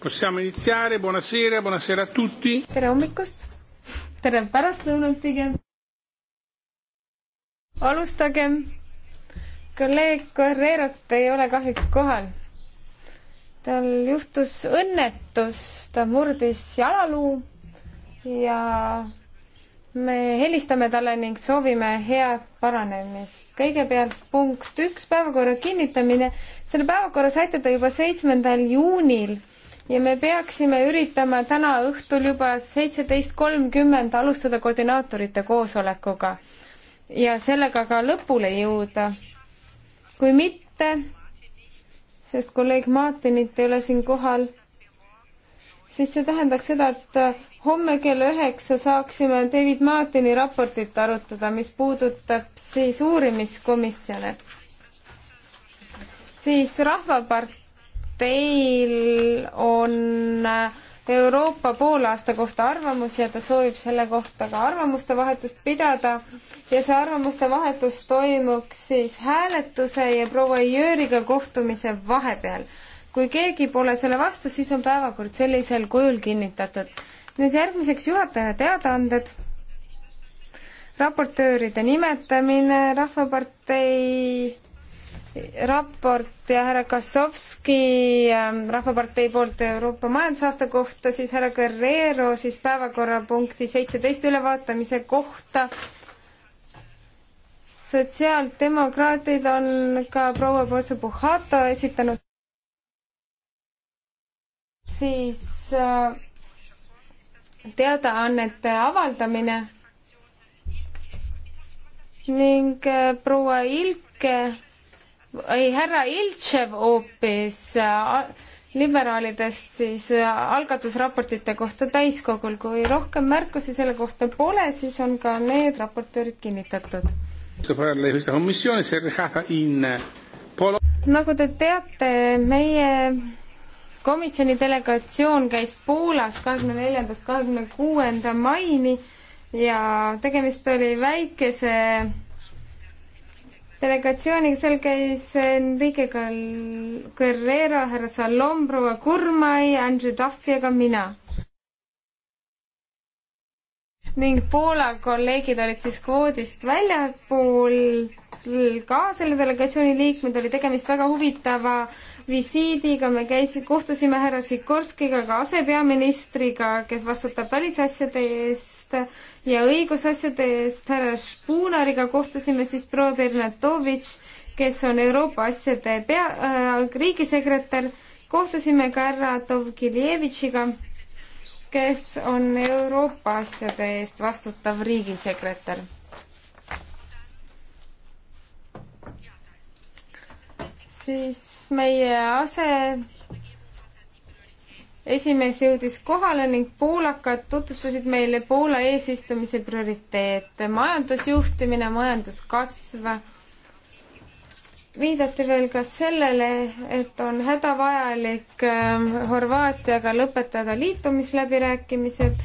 Possiamo iniziare, buonasera, buonasera a tutti. tere hommikust, tere pärastlõunat pigem. alustagem. kolleeg Correrot ei ole kahjuks kohal. tal juhtus õnnetus, ta murdis jalaluu ja me helistame talle ning soovime head paranemist. kõigepealt punkt üks, päevakorra kinnitamine. selle päevakorra saite te juba seitsmendal juunil ja me peaksime üritama täna õhtul juba seitseteist kolmkümmend alustada koordinaatorite koosolekuga ja sellega ka lõpule jõuda. kui mitte, sest kolleeg Martinit ei ole siin kohal, siis see tähendaks seda, et homme kell üheksa saaksime David Martini raportit arutada, mis puudutab siis uurimiskomisjone. siis Rahvapart teil on Euroopa poolaasta kohta arvamus ja ta soovib selle kohta ka arvamuste vahetust pidada ja see arvamuste vahetus toimuks siis hääletuse ja proua Jüriga kohtumise vahepeal. kui keegi pole selle vastu, siis on päevakord sellisel kujul kinnitatud. nüüd järgmiseks juhataja teadaanded. raportööride nimetamine, Rahvapartei raport ja härra Kassovski ähm, Rahvapartei poolt Euroopa majandusaasta kohta, siis härra Guerrero siis päevakorrapunkti seitseteist ülevaatamise kohta. sotsiaaldemokraadid on ka proua Bosse Puhato esitanud. siis äh, teadaannete avaldamine ning äh, proua Ilke ei, härra Iltšev hoopis äh, liberaalidest siis äh, algatusraportite kohta täiskogul. kui rohkem märkusi selle kohta pole, siis on ka need raportöörid kinnitatud. nagu te teate, meie komisjoni delegatsioon käis Poolas kahekümne neljandast kahekümne kuuenda maini ja tegemist oli väikese delegatsiooniga, seal käis Enrique Guerrero, härra Salom, proua Kurmai, Andrew Duffy ja ka mina. ning Poola kolleegid olid siis kvoodist väljapool ka selle delegatsiooni liikmed, oli tegemist väga huvitava visiidiga, me käisime, kohtusime härra Sikorskiga, ka asepeaministriga, kes vastutab välisasjade eest ja õigusasjade eest, härra Špunariga kohtusime siis proua Bernatovitš, kes on Euroopa asjade pea äh,, riigisekretär, kohtusime ka härra Dovgiljevitšiga, kes on Euroopa asjade eest vastutav riigisekretär siis meie ase esimees jõudis kohale ning poolakad tutvustasid meile Poola eesistumise prioriteete, majandusjuhtimine, majanduskasv. viidati veel ka sellele, et on hädavajalik ähm, Horvaatiaga lõpetada liitumisläbirääkimised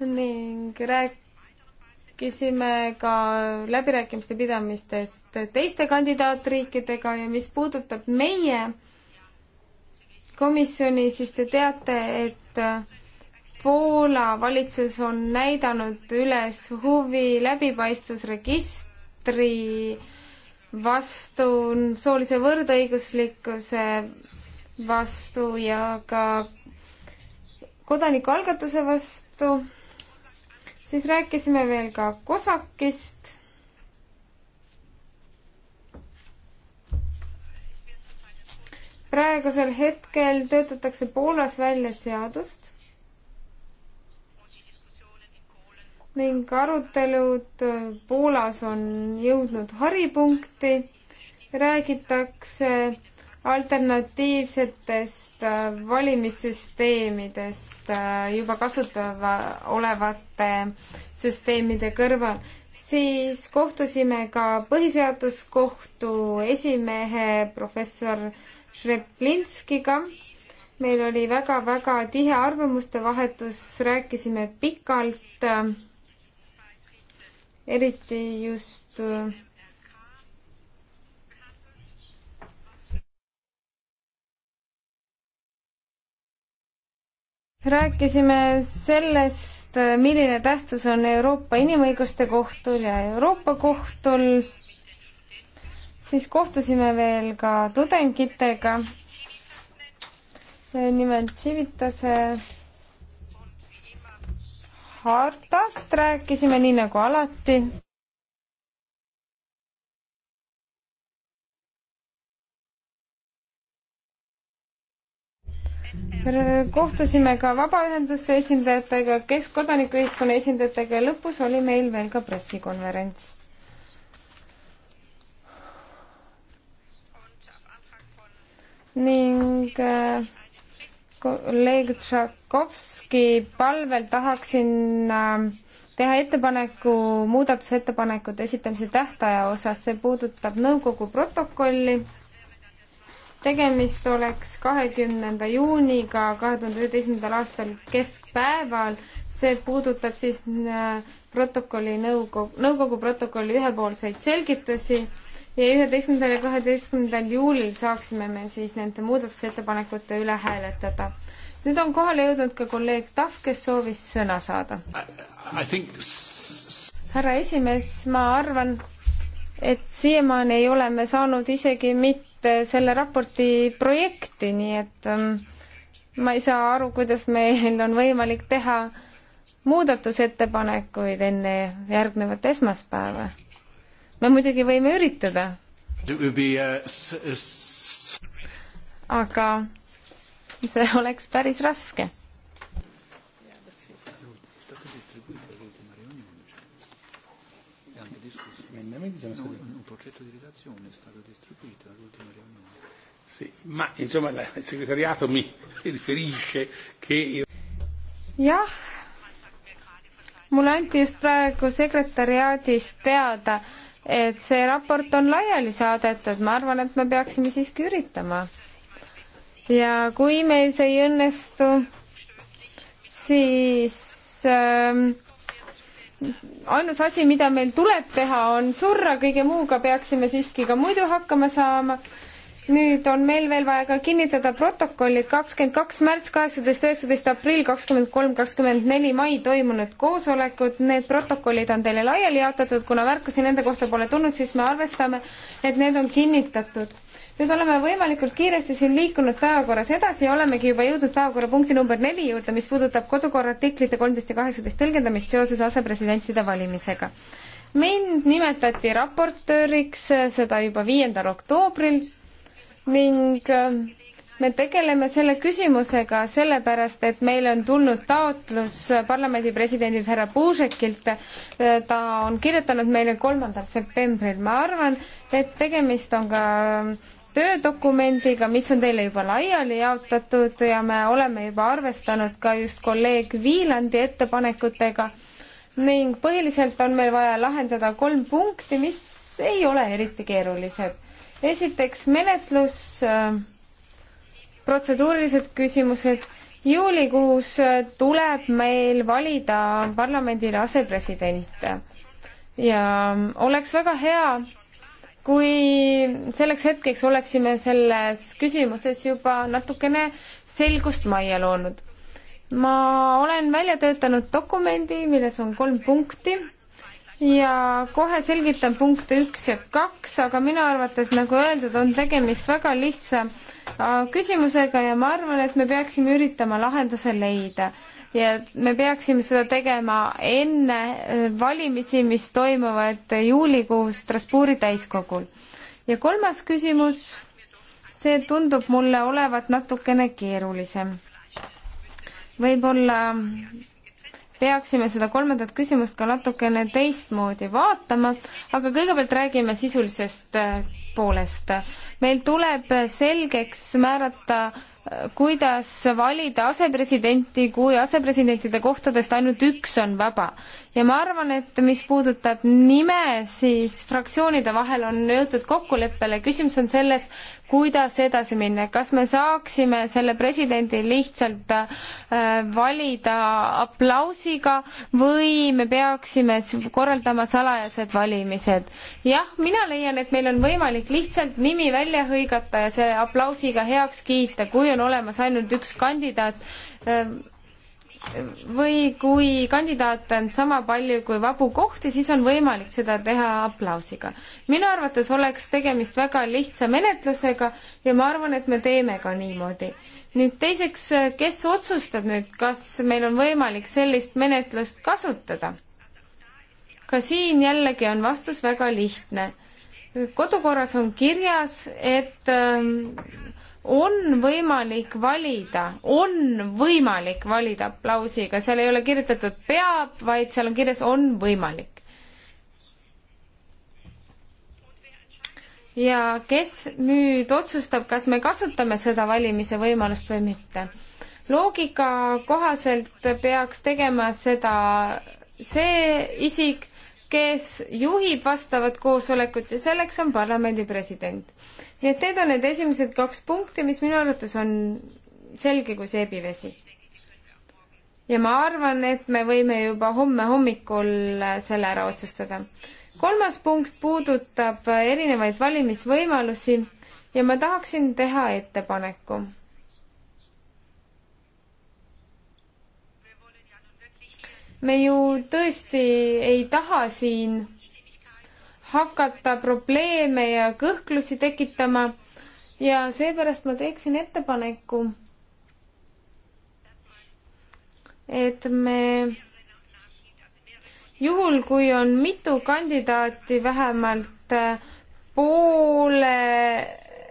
ning rääk-, rääkisime ka läbirääkimiste pidamistest teiste kandidaatriikidega ja mis puudutab meie komisjoni, siis te teate, et Poola valitsus on näidanud üles huvi läbipaistvusregistri vastu, soolise võrdõiguslikkuse vastu ja ka kodanikualgatuse vastu siis rääkisime veel ka kosakist. praegusel hetkel töötatakse Poolas välja seadust ning arutelud Poolas on jõudnud haripunkti. räägitakse alternatiivsetest äh, valimissüsteemidest äh, juba kasutava olevate süsteemide kõrval, siis kohtusime ka põhiseaduskohtu esimehe professor Šreplinskiga. meil oli väga-väga tihe arvamuste vahetus, rääkisime pikalt, äh, eriti just rääkisime sellest, milline tähtsus on Euroopa Inimõiguste Kohtul ja Euroopa Kohtul, siis kohtusime veel ka tudengitega, nimelt Civitase hartast rääkisime, nii nagu alati. kohtusime ka vabaühenduste esindajatega, kes kodanikuühiskonna esindajatega ja lõpus oli meil veel ka pressikonverents. ning äh, kolleeg Tšakovski palvel tahaksin äh, teha ettepaneku muudatusettepanekute esitamise tähtaja osas, see puudutab nõukogu protokolli tegemist oleks kahekümnenda juuniga kahe tuhande üheteistkümnendal aastal keskpäeval. see puudutab siis äh, protokolli nõukogu, nõukogu protokolli ühepoolseid selgitusi ja üheteistkümnendal ja kaheteistkümnendal juulil saaksime me siis nende muudatusettepanekute üle hääletada. nüüd on kohale jõudnud ka kolleeg Tahv, kes soovis sõna saada. härra esimees, ma arvan, et siiamaani ei ole me saanud isegi mitte Äh, selle raporti projekti, nii et ähm, ma ei saa aru, kuidas meil on võimalik teha muudatusettepanekuid enne järgnevat esmaspäeva. me muidugi võime üritada. Uh, aga see oleks päris raske emendamenti sono stati progetto di relazione è stato distribuito all'ultima riunione. Sì, ma insomma la, il segretariato mi riferisce che... jah, mulle anti just praegu sekretäriaadist teada, et see raport on laiali saadetud, ma arvan, et me peaksime siiski üritama. ja kui meil see ei õnnestu, siis ähm, ainus asi, mida meil tuleb teha, on surra, kõige muuga peaksime siiski ka muidu hakkama saama. nüüd on meil veel vaja ka kinnitada protokollid kakskümmend kaks märts, kaheksateist, üheksateist aprill, kakskümmend kolm, kakskümmend neli mai toimunud koosolekud. Need protokollid on teile laiali jaotatud, kuna märkusi nende kohta pole tulnud, siis me arvestame, et need on kinnitatud nüüd oleme võimalikult kiiresti siin liikunud päevakorras edasi ja olemegi juba jõudnud päevakorrapunkti number neli juurde, mis puudutab kodukorra artiklite kolmteist ja kaheksateist tõlgendamist seoses asepresidentide valimisega. mind nimetati raportööriks seda juba viiendal oktoobril ning äh, me tegeleme selle küsimusega sellepärast, et meile on tulnud taotlus parlamendi presidendilt härra Puusekilt. ta on kirjutanud meile kolmandal septembril, ma arvan, et tegemist on ka töödokumendiga, mis on teile juba laiali jaotatud ja me oleme juba arvestanud ka just kolleeg Viilandi ettepanekutega ning põhiliselt on meil vaja lahendada kolm punkti, mis ei ole eriti keerulised. esiteks menetlus äh,, protseduurilised küsimused. juulikuus äh, tuleb meil valida parlamendile asepresident ja ähm, oleks väga hea, kui selleks hetkeks oleksime selles küsimuses juba natukene selgust majja loonud. ma olen välja töötanud dokumendi, milles on kolm punkti ja kohe selgitan punkte üks ja kaks, aga minu arvates, nagu öeldud, on tegemist väga lihtsa äh, küsimusega ja ma arvan, et me peaksime üritama lahenduse leida ja me peaksime seda tegema enne valimisi, mis toimuvad juulikuus Strasbourgi täiskogul. ja kolmas küsimus, see tundub mulle olevat natukene keerulisem. võib-olla peaksime seda kolmandat küsimust ka natukene teistmoodi vaatama, aga kõigepealt räägime sisulisest poolest. meil tuleb selgeks määrata kuidas valida asepresidenti, kui asepresidentide kohtadest ainult üks on vaba. ja ma arvan, et mis puudutab nime, siis fraktsioonide vahel on jõutud kokkuleppele, küsimus on selles, kuidas edasi minna, kas me saaksime selle presidendi lihtsalt äh, valida aplausiga või me peaksime korraldama salajased valimised? jah, mina leian, et meil on võimalik lihtsalt nimi välja hõigata ja see aplausiga heaks kiita, kui on olemas ainult üks kandidaat äh, või kui kandidaate on sama palju kui vabu kohti, siis on võimalik seda teha aplausiga. minu arvates oleks tegemist väga lihtsa menetlusega ja ma arvan, et me teeme ka niimoodi. nüüd teiseks, kes otsustab nüüd, kas meil on võimalik sellist menetlust kasutada? ka siin jällegi on vastus väga lihtne kodukorras on kirjas, et ähm, on võimalik valida, on võimalik valida aplausiga, seal ei ole kirjutatud peab, vaid seal on kirjas on võimalik. ja kes nüüd otsustab, kas me kasutame seda valimise võimalust või mitte? loogika kohaselt peaks tegema seda see isik, kes juhib vastavat koosolekut ja selleks on parlamendi president. nii et need on need esimesed kaks punkti, mis minu arvates on selge kui seebivesi. ja ma arvan, et me võime juba homme hommikul selle ära otsustada. kolmas punkt puudutab erinevaid valimisvõimalusi ja ma tahaksin teha ettepaneku me ju tõesti ei taha siin hakata probleeme ja kõhklusi tekitama ja seepärast ma teeksin ettepaneku, et me juhul, kui on mitu kandidaati vähemalt äh, poole,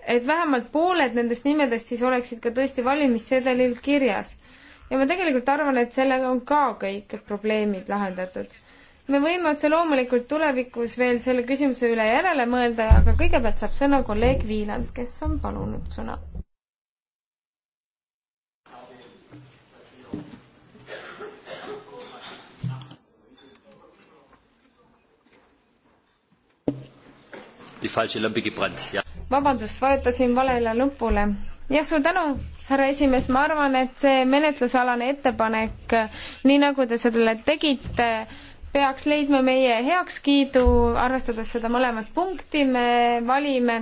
et vähemalt pooled nendest nimedest siis oleksid ka tõesti valimissedelil kirjas ja ma tegelikult arvan, et sellega on ka kõik probleemid lahendatud. me võime otse loomulikult tulevikus veel selle küsimuse üle järele mõelda, aga kõigepealt saab sõna kolleeg Viiland, kes on palunud sõna. vabandust, vajutasin valele nupule. jah, suur tänu härra esimees, ma arvan, et see menetlusalane ettepanek, nii nagu te sellele tegite, peaks leidma meie heakskiidu, arvestades seda mõlemat punkti, me valime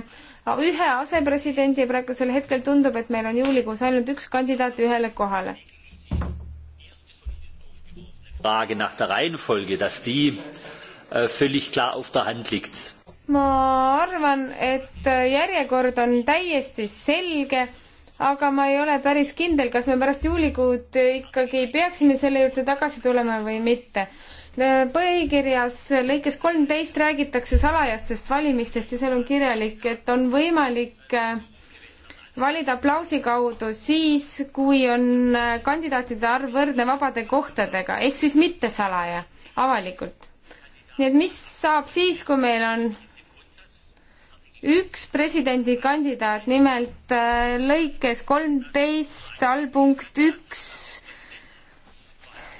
ühe asepresidendi ja praegusel hetkel tundub, et meil on juulikuus ainult üks kandidaat ühele kohale. Frage nach der Reihenfolge, dass die äh, völlig klar auf der Hand liegt. ma arvan, et järjekord on täiesti selge aga ma ei ole päris kindel, kas me pärast juulikuud ikkagi peaksime selle juurde tagasi tulema või mitte. põhikirjas lõikes kolmteist räägitakse salajastest valimistest ja seal on kirjalik, et on võimalik eh, valida aplausi kaudu siis, kui on eh, kandidaatide arv võrdne vabade kohtadega, ehk siis mitte salaja, avalikult. nii et mis saab siis, kui meil on üks presidendikandidaat, nimelt äh, lõikes kolmteist allpunkt üks,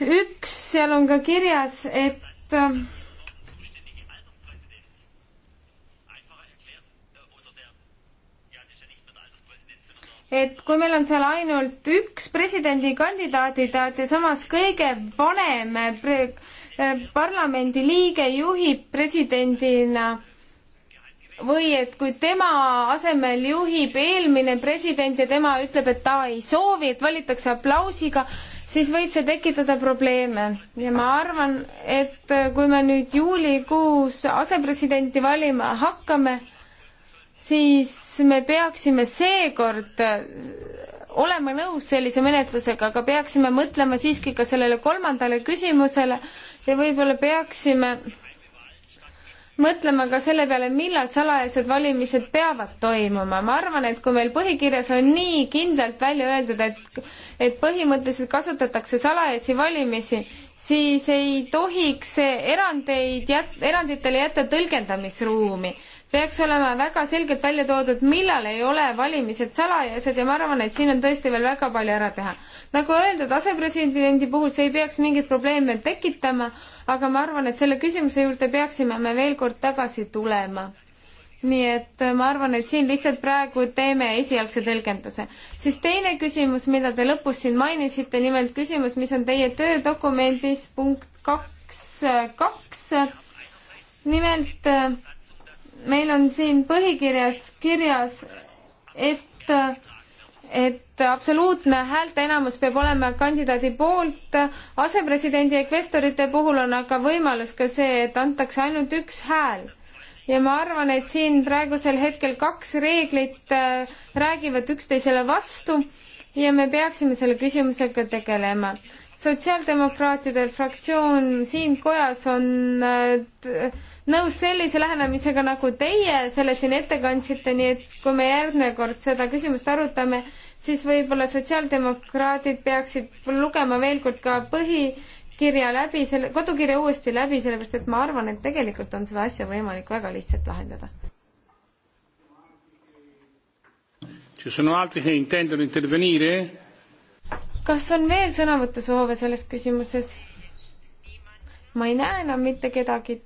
üks, seal on ka kirjas, et äh, et kui meil on seal ainult üks presidendikandidaadidaat ja samas kõige vanem äh, parlamendiliige juhib presidendina äh, või et kui tema asemel juhib eelmine president ja tema ütleb, et ta ei soovi, et valitakse aplausiga, siis võib see tekitada probleeme ja ma arvan, et kui me nüüd juulikuus asepresidenti valima hakkame, siis me peaksime seekord olema nõus sellise menetlusega, aga peaksime mõtlema siiski ka sellele kolmandale küsimusele ja võib-olla peaksime mõtlema ka selle peale, millal salajased valimised peavad toimuma. ma arvan, et kui meil põhikirjas on nii kindlalt välja öeldud, et, et põhimõtteliselt kasutatakse salajasi valimisi, siis ei tohiks erandeid jät-, eranditele jätta tõlgendamisruumi peaks olema väga selgelt välja toodud, millal ei ole valimised salajased ja ma arvan, et siin on tõesti veel väga palju ära teha. nagu öeldud, asepresidendi puhul see ei peaks mingeid probleeme tekitama, aga ma arvan, et selle küsimuse juurde peaksime me veel kord tagasi tulema nii et ma arvan, et siin lihtsalt praegu teeme esialgse tõlgenduse. siis teine küsimus, mida te lõpus siin mainisite, nimelt küsimus, mis on teie töödokumendis punkt kaks, kaks. nimelt meil on siin põhikirjas kirjas, et, et absoluutne häälteenamus peab olema kandidaadi poolt. asepresidendi ja kvestorite puhul on aga võimalus ka see, et antakse ainult üks hääl ja ma arvan, et siin praegusel hetkel kaks reeglit äh, räägivad üksteisele vastu ja me peaksime selle küsimusega tegelema. sotsiaaldemokraatide fraktsioon siin kojas on äh, nõus sellise lähenemisega, nagu teie selle siin ette kandsite, nii et kui me järgmine kord seda küsimust arutame, siis võib-olla sotsiaaldemokraadid peaksid lugema veel kord ka põhikirja läbi, selle, kodukirja uuesti läbi, sellepärast et ma arvan, et tegelikult on seda asja võimalik väga lihtsalt lahendada. kas on veel sõnavõtusoove selles küsimuses? ma ei näe enam mitte kedagi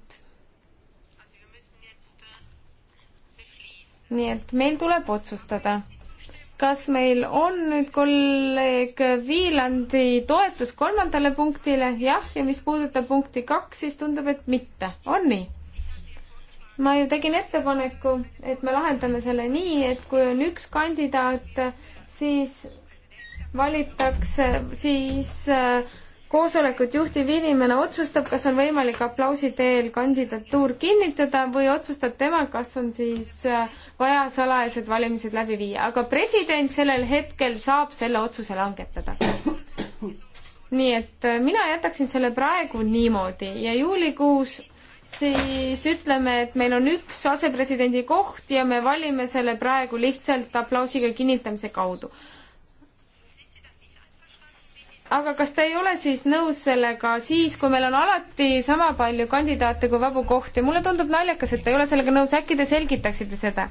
nii et meil tuleb otsustada, kas meil on nüüd kolleeg Viilandi toetus kolmandale punktile, jah, ja mis puudutab punkti kaks, siis tundub, et mitte, on nii? ma ju tegin ettepaneku, et me lahendame selle nii, et kui on üks kandidaat, siis valitakse, siis äh, koosolekut juhtiv inimene otsustab, kas on võimalik aplausi teel kandidatuur kinnitada või otsustab tema, kas on siis äh, vaja salajased valimised läbi viia, aga president sellel hetkel saab selle otsuse langetada. nii et äh, mina jätaksin selle praegu niimoodi ja juulikuus siis ütleme, et meil on üks asepresidendi koht ja me valime selle praegu lihtsalt aplausiga kinnitamise kaudu aga kas te ei ole siis nõus sellega siis, kui meil on alati sama palju kandidaate kui vabu kohti? mulle tundub naljakas, et te ei ole sellega nõus, äkki te selgitaksite seda?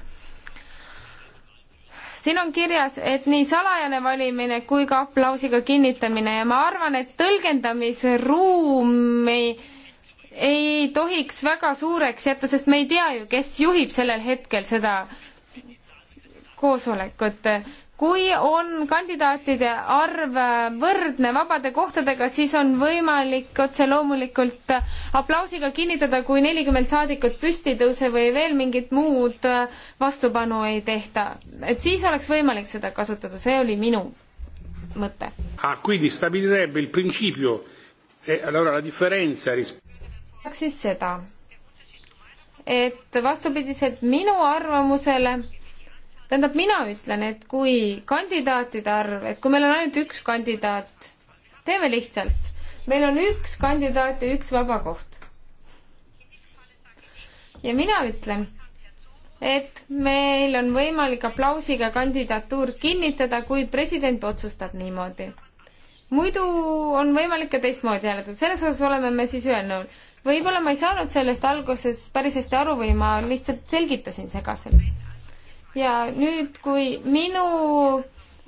siin on kirjas, et nii salajane valimine kui ka aplausiga kinnitamine ja ma arvan, et tõlgendamisruumi ei tohiks väga suureks jätta, sest me ei tea ju, kes juhib sellel hetkel seda koosolekut kui on kandidaatide arv võrdne vabade kohtadega, siis on võimalik otse loomulikult aplausiga kinnitada, kui nelikümmend saadikut püsti ei tõuse või veel mingit muud vastupanu ei tehta. et siis oleks võimalik seda kasutada, see oli minu mõte ah,. Quindi stabilirebbe il principio eh, allora la differenza ris-. siis seda, et vastupidiselt minu arvamusele tähendab, mina ütlen, et kui kandidaatide arv, et kui meil on ainult üks kandidaat, teeme lihtsalt, meil on üks kandidaat ja üks vaba koht. ja mina ütlen, et meil on võimalik aplausiga kandidatuur kinnitada, kui president otsustab niimoodi. muidu on võimalik ka teistmoodi hääletada, selles osas oleme me siis ühel nõul. võib-olla ma ei saanud sellest alguses päris hästi aru või ma lihtsalt selgitasin segaselt ja nüüd, kui minu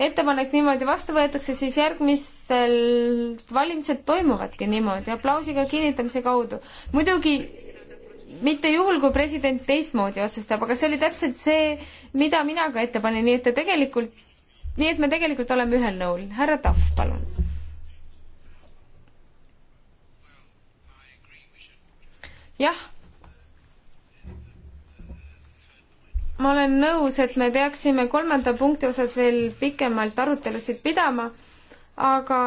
ettepanek niimoodi vastu võetakse, siis järgmisel valimised toimuvadki niimoodi aplausiga kinnitamise kaudu. muidugi mitte juhul, kui president teistmoodi otsustab, aga see oli täpselt see, mida mina ka ette panin, nii et te tegelikult, nii et me tegelikult oleme ühel nõul. härra Tahv, palun. jah ma olen nõus, et me peaksime kolmanda punkti osas veel pikemalt arutelusid pidama, aga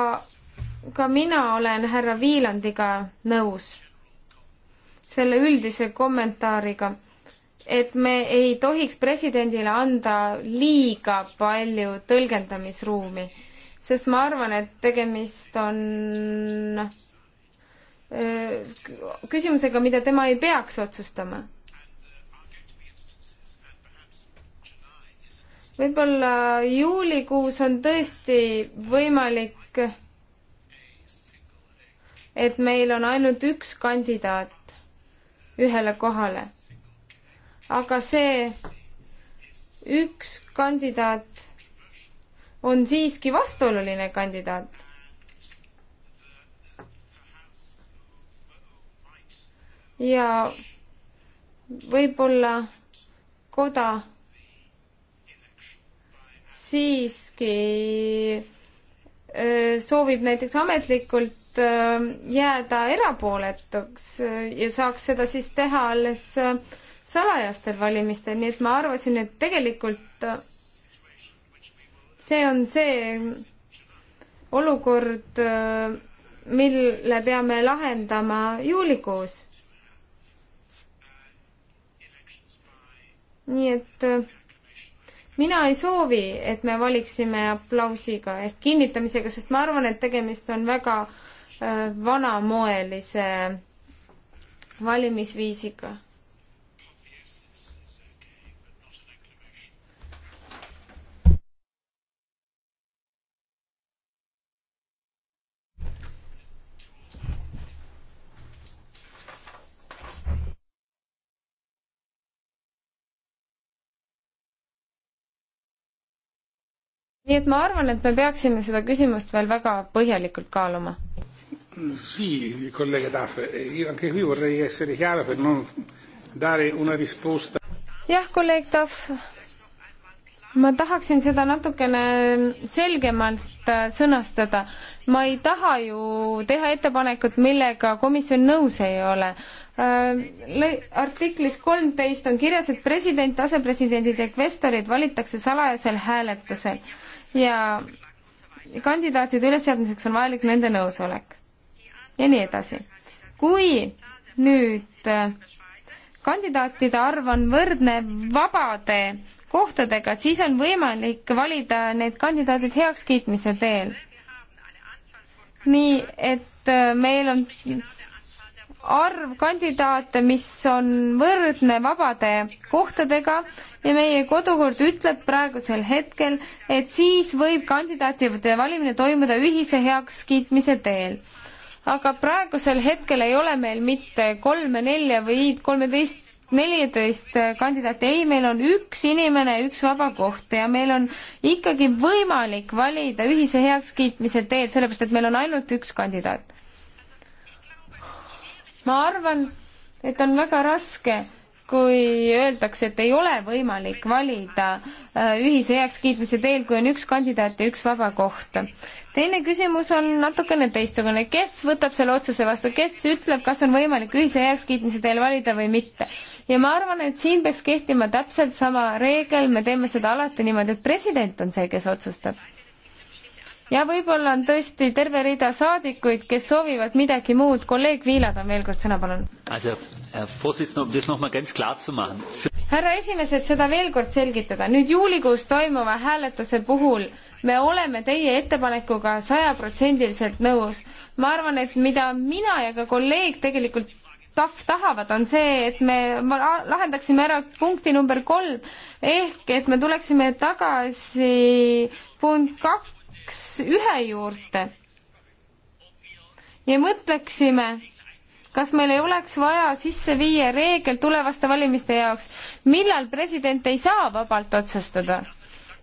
ka mina olen härra Viilandiga nõus selle üldise kommentaariga, et me ei tohiks presidendile anda liiga palju tõlgendamisruumi, sest ma arvan, et tegemist on äh, küsimusega, mida tema ei peaks otsustama võib-olla juulikuus on tõesti võimalik, et meil on ainult üks kandidaat ühele kohale. aga see üks kandidaat on siiski vastuoluline kandidaat. ja võib-olla koda siiski soovib näiteks ametlikult jääda erapooletuks ja saaks seda siis teha alles salajastel valimistel, nii et ma arvasin, et tegelikult see on see olukord, mille peame lahendama juulikuus. nii et mina ei soovi, et me valiksime aplausiga ehk kinnitamisega, sest ma arvan, et tegemist on väga äh, vanamoelise valimisviisiga. nii et ma arvan, et me peaksime seda küsimust veel väga põhjalikult kaaluma. Sì, collega Taff, e io anche qui vorrei essere chiaro per non dare una risposta. jah, kolleeg Taff, ma tahaksin seda natukene selgemalt äh, sõnastada. ma ei taha ju teha ettepanekut, millega komisjon nõus ei ole. Äh, artiklis kolmteist on kirjas, et president, asepresidendid ja kvestorid valitakse salajasel hääletusel ja kandidaatide ülesseadmiseks on vajalik nende nõusolek ja nii edasi. kui nüüd äh, kandidaatide arv on võrdne vabade kohtadega, siis on võimalik valida need kandidaadid heakskiitmise teel. nii et äh, meil on arv kandidaate, mis on võrdne vabade kohtadega ja meie kodukord ütleb praegusel hetkel, et siis võib kandidaatide valimine toimuda ühise heakskiitmise teel. aga praegusel hetkel ei ole meil mitte kolme, nelja või kolmeteist neliteist kandidaati, ei, meil on üks inimene, üks vaba koht ja meil on ikkagi võimalik valida ühise heakskiitmise teel, sellepärast et meil on ainult üks kandidaat ma arvan, et on väga raske, kui öeldakse, et ei ole võimalik valida äh, ühise heakskiitmise teel, kui on üks kandidaat ja üks vaba koht. teine küsimus on natukene teistsugune, kes võtab selle otsuse vastu, kes ütleb, kas on võimalik ühise heakskiitmise teel valida või mitte ja ma arvan, et siin peaks kehtima täpselt sama reegel, me teeme seda alati niimoodi, et president on see, kes otsustab ja võib-olla on tõesti terve rida saadikuid, kes soovivad midagi muud. kolleeg Viilad on veel kord sõna, palun. Um härra esimees, et seda veel kord selgitada, nüüd juulikuus toimuva hääletuse puhul me oleme teie ettepanekuga sajaprotsendiliselt nõus. ma arvan, et mida mina ja ka kolleeg tegelikult tahv tahavad, on see, et me lahendaksime ära punkti number kolm ehk et me tuleksime tagasi punkt kaks kaks ühe juurde ja mõtleksime, kas meil ei oleks vaja sisse viia reegel tulevaste valimiste jaoks, millal president ei saa vabalt otsustada.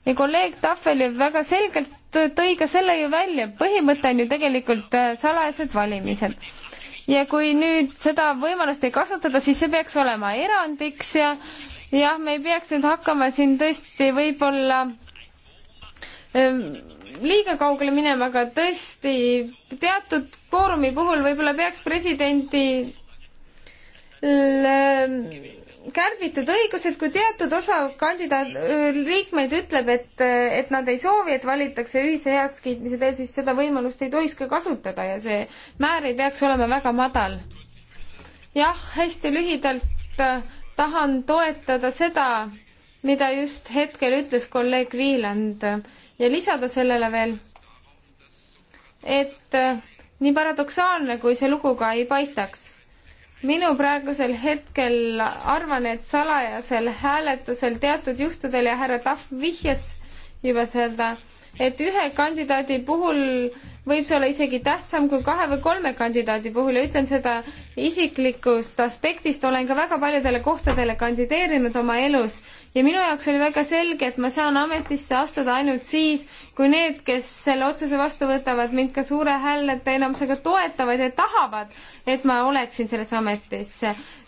ja kolleeg Tahvel ju väga selgelt tõi ka selle ju välja, põhimõte on ju tegelikult äh, salajased valimised. ja kui nüüd seda võimalust ei kasutata, siis see peaks olema erandiks ja jah, me ei peaks nüüd hakkama siin tõesti võib-olla öö, ähm, liiga kaugele minema, aga tõesti teatud foorumi puhul võib-olla peaks presidendi kärbitud õigused, kui teatud osa kandidaat, liikmeid ütleb, et, et nad ei soovi, et valitakse ühise heakskiitmise teel, siis seda võimalust ei tohiks ka kasutada ja see määr ei peaks olema väga madal. jah, hästi lühidalt äh, tahan toetada seda, mida just hetkel ütles kolleeg Viiland ja lisada sellele veel, et äh, nii paradoksaalne, kui see lugu ka ei paistaks, minu praegusel hetkel arvan, et salajasel hääletusel teatud juhtudel ja härra Tahv vihjas juba seda, et ühe kandidaadi puhul võib see olla isegi tähtsam kui kahe või kolme kandidaadi puhul ja ütlen seda isiklikust aspektist, olen ka väga paljudele kohtadele kandideerinud oma elus ja minu jaoks oli väga selge, et ma saan ametisse astuda ainult siis, kui need, kes selle otsuse vastu võtavad, mind ka suure häälete enamusega toetavad ja tahavad, et ma oleksin selles ametis.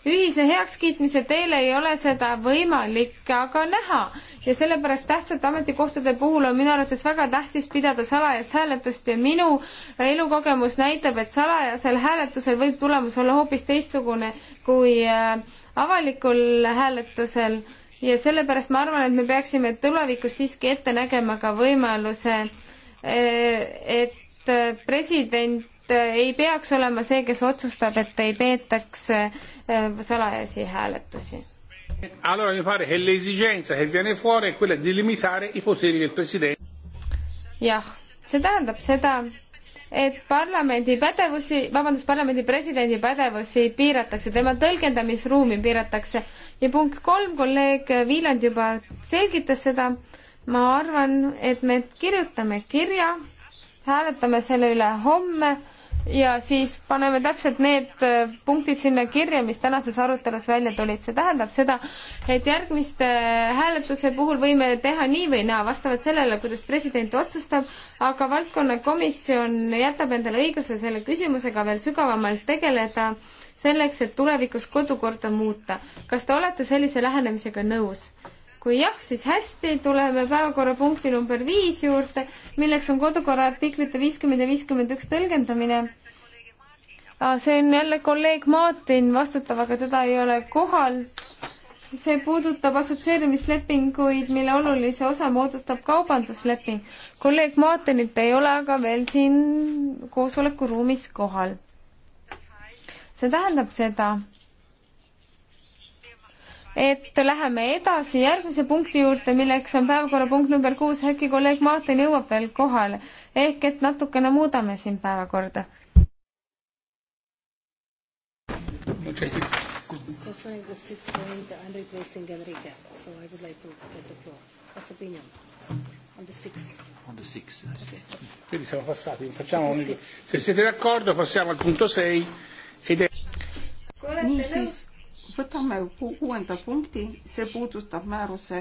ühise heakskiitmise teel ei ole seda võimalik aga näha ja sellepärast tähtsate ametikohtade puhul on minu arvates väga tähtis pidada salajast hääletust ja minu elukogemus näitab, et salajasel hääletusel võib tulemus olla hoopis teistsugune kui äh, avalikul hääletusel ja sellepärast ma arvan, et me peaksime tulevikus siiski ette nägema ka võimaluse, äh, et äh, president ei peaks olema see, kes otsustab, et ei peetaks salajasi hääletusi Allora mi pare che l'esigenza che viene fuori è quella di limitare i poteri del presidente. jah, see tähendab seda, et parlamendi pädevusi, vabandust, parlamendi presidendi pädevusi piiratakse, tema tõlgendamisruumi piiratakse ja punkt kolm, kolleeg Viiland juba selgitas seda, ma arvan, et me kirjutame kirja, hääletame selle üle homme ja siis paneme täpselt need äh, punktid sinna kirja, mis tänases arutelus välja tulid. see tähendab seda, et järgmiste äh, hääletuse puhul võime teha nii või naa, vastavalt sellele, kuidas president otsustab, aga valdkonnakomisjon jätab endale õiguse selle küsimusega veel sügavamalt tegeleda, selleks, et tulevikus kodukorda muuta. kas te olete sellise lähenemisega nõus? kui jah, siis hästi, tuleme päevakorrapunkti number viis juurde, milleks on kodukorra artiklite viiskümmend ja viiskümmend üks tõlgendamine. see on jälle kolleeg Martin vastutav, aga teda ei ole kohal. see puudutab assotsieerimislepinguid, mille olulise osa moodustab kaubandusleping. kolleeg Martinit ei ole aga veel siin koosolekuruumis kohal. see tähendab seda, et läheme edasi järgmise punkti juurde, milleks on päevakorrapunkt number kuus, äkki kolleeg Martin jõuab veel kohale. ehk et natukene muudame siin päevakorda. Quindi siamo passati, facciamo un... Se siete d'accordo passiamo al punto 6 ed è... Nii siis võtame kuuenda punkti, see puudutab määruse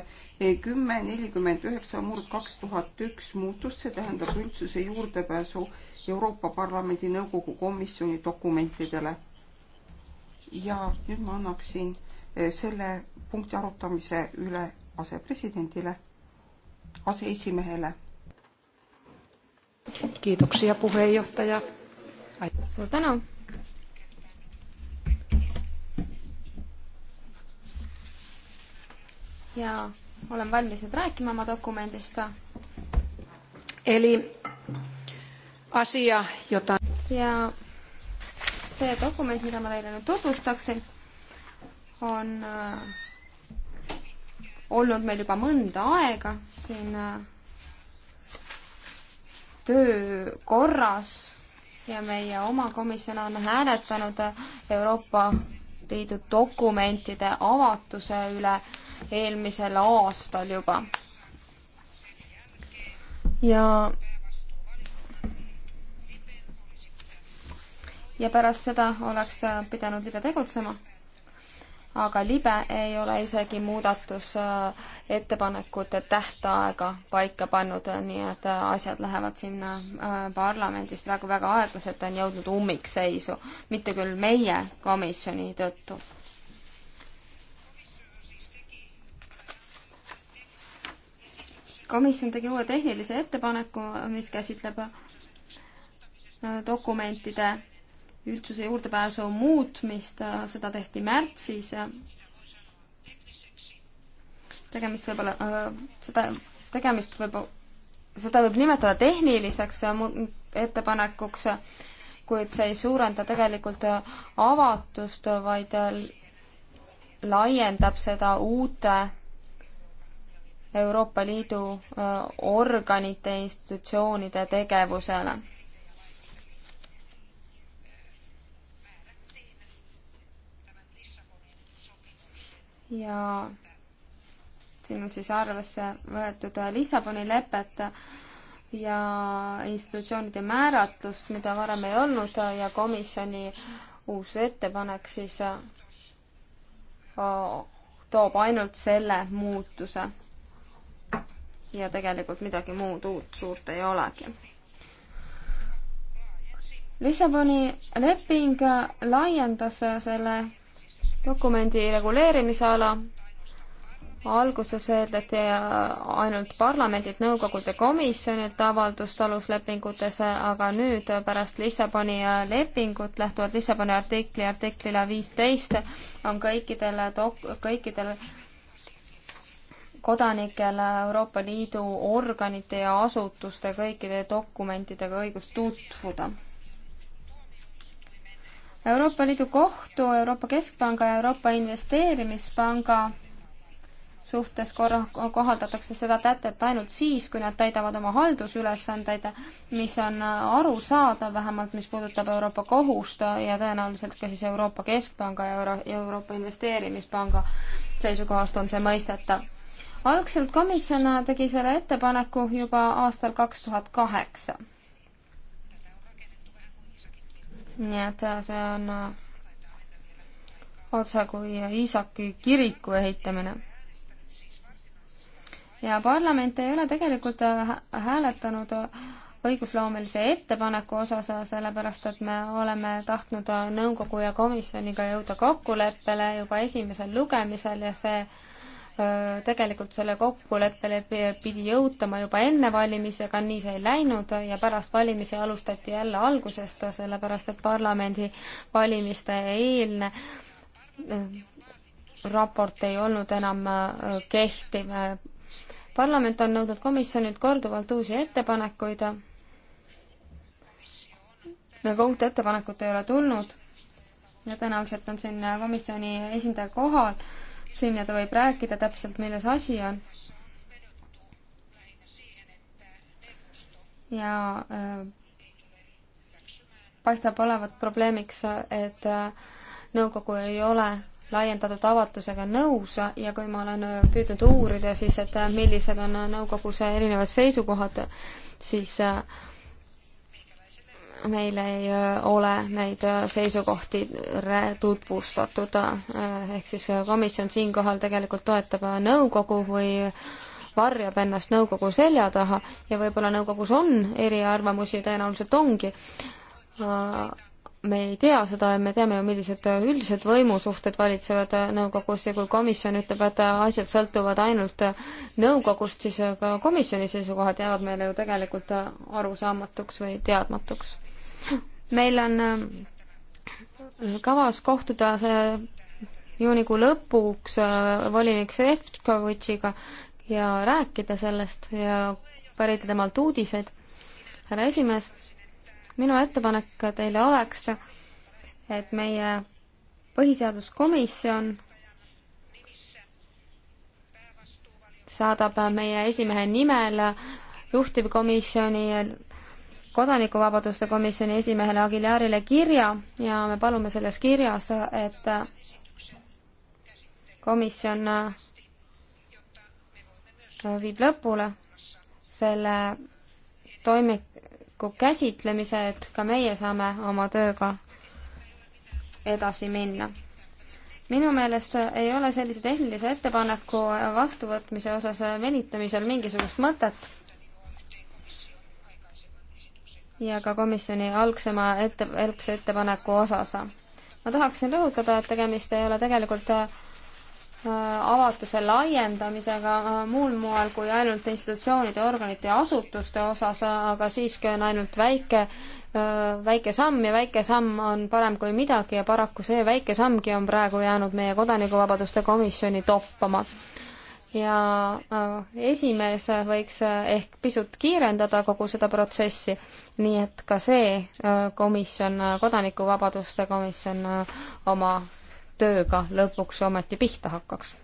kümme nelikümmend üheksa murd kaks tuhat üks muutust, see tähendab üldsuse juurdepääsu Euroopa Parlamendi Nõukogu komisjoni dokumentidele. ja nüüd ma annaksin eh, selle punkti arutamise üle asepresidendile, aseesimehele. kiitoksia, puhejuhataja. suur tänu ja olen valmis nüüd rääkima oma dokumendist. Eli asia, jota... Ja see dokument, mida ma teile nüüd tutvustaksin, on äh, olnud meil juba mõnda aega siin äh, töökorras ja meie oma komisjon on hääletanud Euroopa Liidu dokumentide avatuse üle äh, eelmisel aastal juba. ja ja pärast seda oleks pidanud libe tegutsema. aga libe ei ole isegi muudatusettepanekute äh, tähtaega paika pannud, nii et äh, asjad lähevad sinna äh, parlamendis praegu väga aeglaselt, on jõudnud ummikseisu, mitte küll meie komisjoni tõttu komisjon tegi uue tehnilise ettepaneku, mis käsitleb äh, dokumentide üldsuse juurdepääsu muutmist, äh, seda tehti märtsis. tegemist võib-olla, äh, seda, tegemist võib, seda võib nimetada tehniliseks ettepanekuks, kuid see ei suurenda tegelikult avatust, vaid laiendab seda uute Euroopa Liidu organite ja institutsioonide tegevusele. ja siin on siis arvesse võetud Lissaboni lepet ja institutsioonide määratlust, mida varem ei olnud ja komisjoni uus ettepanek siis toob ainult selle muutuse ja tegelikult midagi muud uut suurt ei olegi. Lissaboni leping laiendas selle dokumendi reguleerimisala. alguses eeldati ainult parlamendilt, nõukogult ja komisjonilt avaldust aluslepingutes, aga nüüd pärast Lissaboni lepingut, lähtuvalt Lissaboni artikli, artiklile viisteist, on kõikidel dok-, kõikidel kodanikele Euroopa Liidu organite ja asutuste kõikide dokumentidega õigust tutvuda. Euroopa Liidu Kohtu, Euroopa Keskpanga ja Euroopa Investeerimispanga suhtes korra-, kohaldatakse seda tätet ainult siis, kui nad täidavad oma haldusülesandeid, mis on arusaadav, vähemalt mis puudutab Euroopa Kohust ja tõenäoliselt ka siis Euroopa Keskpanga ja Euro-, Euroopa Investeerimispanga seisukohast on see mõistetav algselt komisjon tegi selle ettepaneku juba aastal kaks tuhat kaheksa. nii et see on otse kui Iisaki kiriku ehitamine. ja parlament ei ole tegelikult hääletanud õigusloomelise ettepaneku osas, sellepärast et me oleme tahtnud nõukogu ja komisjoniga jõuda kokkuleppele juba esimesel lugemisel ja see tegelikult selle kokkuleppele pidi jõutama juba enne valimisi, aga nii see ei läinud ja pärast valimisi alustati jälle algusest, sellepärast et parlamendi valimiste eelne raport ei olnud enam kehtiv. parlament on nõudnud komisjonilt korduvalt uusi ettepanekuid, aga nagu uut ettepanekut ei ole tulnud ja tõenäoliselt on siin komisjoni esindaja kohal sinna ta võib rääkida täpselt, milles asi on. ja äh, paistab olevat probleemiks, et äh, nõukogu ei ole laiendatud avatusega nõus ja kui ma olen äh, püüdnud uurida siis, et millised on nõukogus erinevad seisukohad, siis äh, meil ei äh, ole neid äh, seisukohti tutvustatud, äh, ehk siis komisjon siinkohal tegelikult toetab nõukogu või varjab ennast nõukogu selja taha ja võib-olla nõukogus on eriarvamusi, tõenäoliselt ongi. me ei tea seda ja me teame ju, millised üldised võimusuhted valitsevad nõukogus ja kui komisjon ütleb, et asjad sõltuvad ainult nõukogust, siis ka komisjoni seisukohad jäävad meile ju tegelikult arusaamatuks või teadmatuks meil on äh, kavas kohtuda see juunikuu lõpuks äh, volinik Šefčkovitšiga ja rääkida sellest ja pärida temalt uudiseid. härra esimees, minu ettepanek teile oleks, et meie põhiseaduskomisjon saadab meie esimehe nimel juhtivkomisjoni kodanikuvabaduste komisjoni esimehele Aguilarile kirja ja me palume selles kirjas, et komisjon äh, viib lõpule selle toimiku käsitlemise, et ka meie saame oma tööga edasi minna. minu meelest ei ole sellise tehnilise ettepaneku vastuvõtmise osas venitamisel mingisugust mõtet ja ka komisjoni algsema ette, algse ettepaneku osas. ma tahaksin rõhutada, et tegemist ei ole tegelikult äh, avatuse laiendamisega äh, muul moel kui ainult institutsioonide, organite ja asutuste osas, aga siiski on ainult väike, äh, väike samm ja väike samm on parem kui midagi ja paraku see väike sammgi on praegu jäänud meie kodanikuvabaduste komisjoni toppama ja äh, esimees võiks äh, ehk pisut kiirendada kogu seda protsessi, nii et ka see äh, komisjon, kodanikuvabaduste komisjon oma tööga lõpuks ometi pihta hakkaks.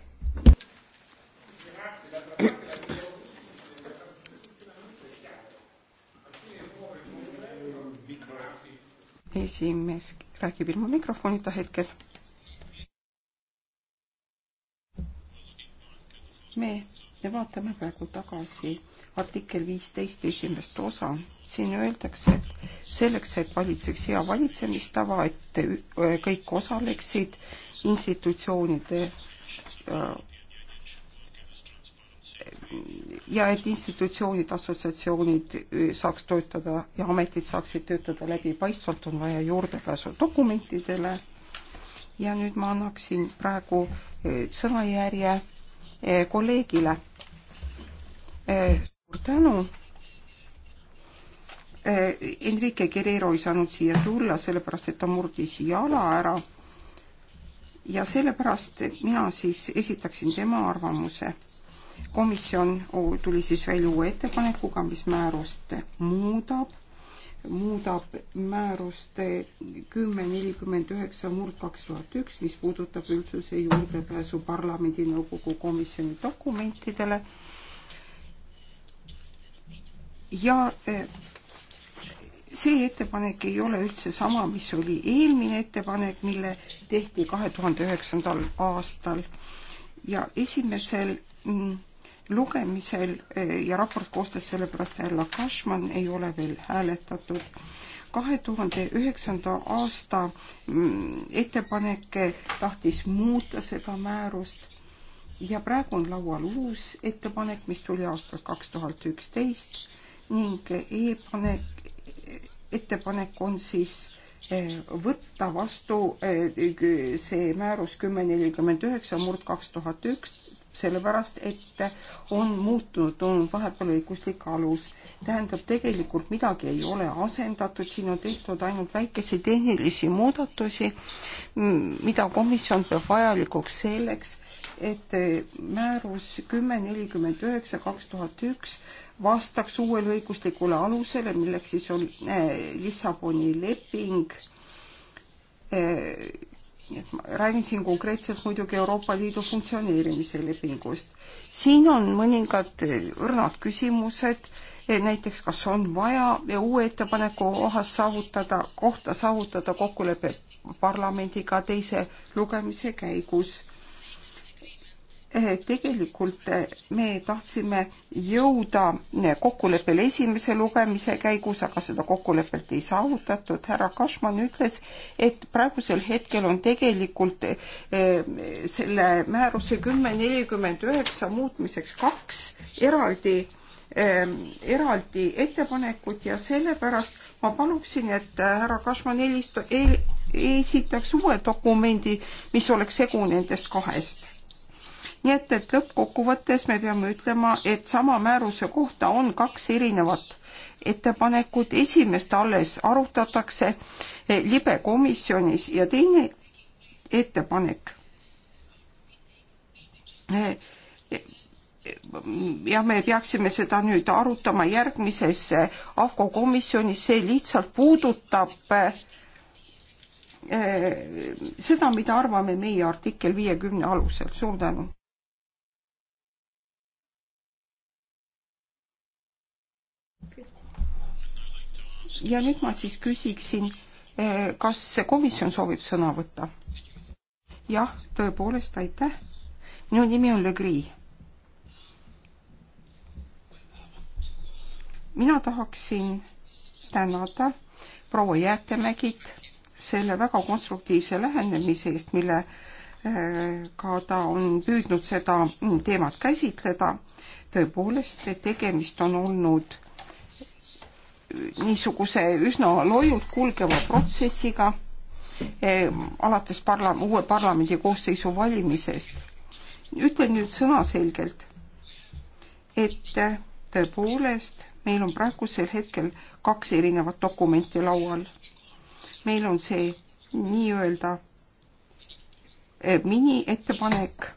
esimees räägib ilma mikrofonita hetkel me vaatame praegu tagasi artikkel viisteist esimest osa. siin öeldakse, et selleks, et valitseks hea valitsemistava, et kõik osaleksid institutsioonide äh, ja et institutsioonid, assotsiatsioonid saaks töötada ja ametid saaksid töötada läbipaistvalt, on vaja juurdepääsu dokumentidele. ja nüüd ma annaksin praegu äh, sõnajärje Eh, kolleegile. Eh, suur tänu. Eh, Enrique Guerrero ei saanud siia tulla, sellepärast et ta murdis jala ära. ja sellepärast mina siis esitaksin tema arvamuse. komisjon tuli siis välja uue ettepanekuga, mis määrust muudab muudab määrust kümme nelikümmend üheksa murd kaks tuhat üks, mis puudutab üldsuse juurdepääsu parlamendi nõukogu komisjoni dokumentidele. ja eh, see ettepanek ei ole üldse sama, mis oli eelmine ettepanek, mille tehti kahe tuhande üheksandal aastal ja esimesel mm, lugemisel eh, ja raport koostas sellepärast härra Cashman ei ole veel hääletatud. kahe tuhande üheksanda aasta mm, ettepanek tahtis muuta seda määrust ja praegu on laual uus ettepanek, mis tuli aastal kaks tuhat üksteist ning e-panek, ettepanek on siis eh, võtta vastu eh, see määrus kümme nelikümmend üheksa murd kaks tuhat üks sellepärast, et on muutunud, on vahepeal õiguslik alus. tähendab, tegelikult midagi ei ole asendatud, siin on tehtud ainult väikesi tehnilisi muudatusi, mida komisjon peab vajalikuks selleks, et määrus kümme nelikümmend üheksa kaks tuhat üks vastaks uuele õiguslikule alusele, milleks siis on eh, Lissaboni leping eh, et ma räägin siin konkreetselt muidugi Euroopa Liidu funktsioneerimise lepingust. siin on mõningad õrnad küsimused, eh, näiteks kas on vaja uue ettepaneku kohas saavutada, kohta saavutada kokkulepe parlamendiga teise lugemise käigus Eh, tegelikult eh, me tahtsime jõuda eh, kokkuleppele esimese lugemise käigus, aga seda kokkulepet ei saavutatud. härra Kašman ütles, et praegusel hetkel on tegelikult selle määruse kümme nelikümmend üheksa muutmiseks kaks eraldi eraldi ettepanekut ja sellepärast ma paluksin, et härra Kašman helista- el,, esitaks uue dokumendi, mis oleks segu nendest kahest nii et, et lõppkokkuvõttes me peame ütlema, et sama määruse kohta on kaks erinevat ettepanekut, esimest alles arutatakse libe komisjonis ja teine ettepanek ja me peaksime seda nüüd arutama järgmises AFCO komisjonis, see lihtsalt puudutab eh, seda, mida arvame meie artikkel viiekümne alusel, suur tänu. ja nüüd ma siis küsiksin, eh, kas komisjon soovib sõna võtta? jah, tõepoolest, aitäh. minu nimi on Legri. mina tahaksin tänada proua Jäätemägit selle väga konstruktiivse lähenemise eest, mille eh, ka ta on püüdnud seda teemat käsitleda. tõepoolest, tegemist on olnud niisuguse üsna loiult kulgeva protsessiga eh, alates parla-, uue parlamendi koosseisu valimisest. ütlen nüüd sõnaselgelt, et eh, tõepoolest meil on praegusel hetkel kaks erinevat dokumenti laual. meil on see nii-öelda eh, miniettepanek,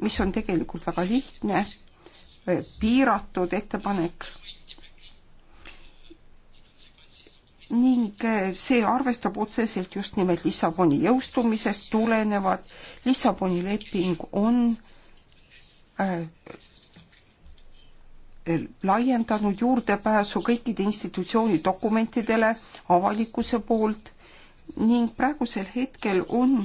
mis on tegelikult väga lihtne, piiratud ettepanek ning eh, see arvestab otseselt just nimelt Lissaboni jõustumisest tulenevat. Lissaboni leping on äh, laiendanud juurdepääsu kõikide institutsiooni dokumentidele avalikkuse poolt ning praegusel hetkel on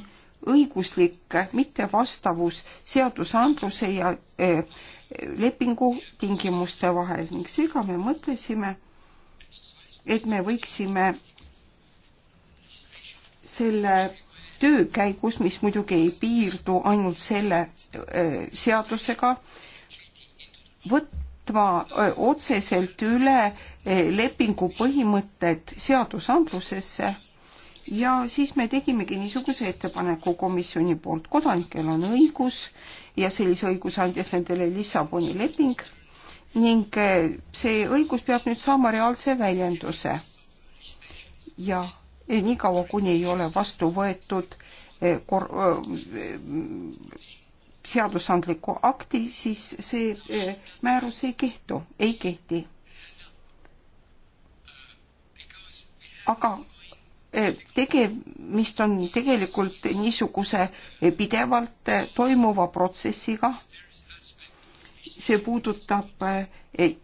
õiguslik mittevastavus seadusandluse ja äh, lepingu tingimuste vahel ning seega me mõtlesime et me võiksime selle töö käigus, mis muidugi ei piirdu ainult selle äh, seadusega, võtma äh, otseselt üle äh, lepingu põhimõtted seadusandlusesse ja siis me tegimegi niisuguse ettepaneku komisjoni poolt, kodanikel on õigus ja sellise õiguse andis nendele Lissaboni leping ning eh, see õigus peab nüüd saama reaalse väljenduse. ja eh, niikaua, kuni ei ole vastu võetud eh, kor-, seadusandlikku akti, siis see määrus ei kehtu, ei kehti. aga tegemist on tegelikult niisuguse pidevalt toimuva protsessiga see puudutab eh,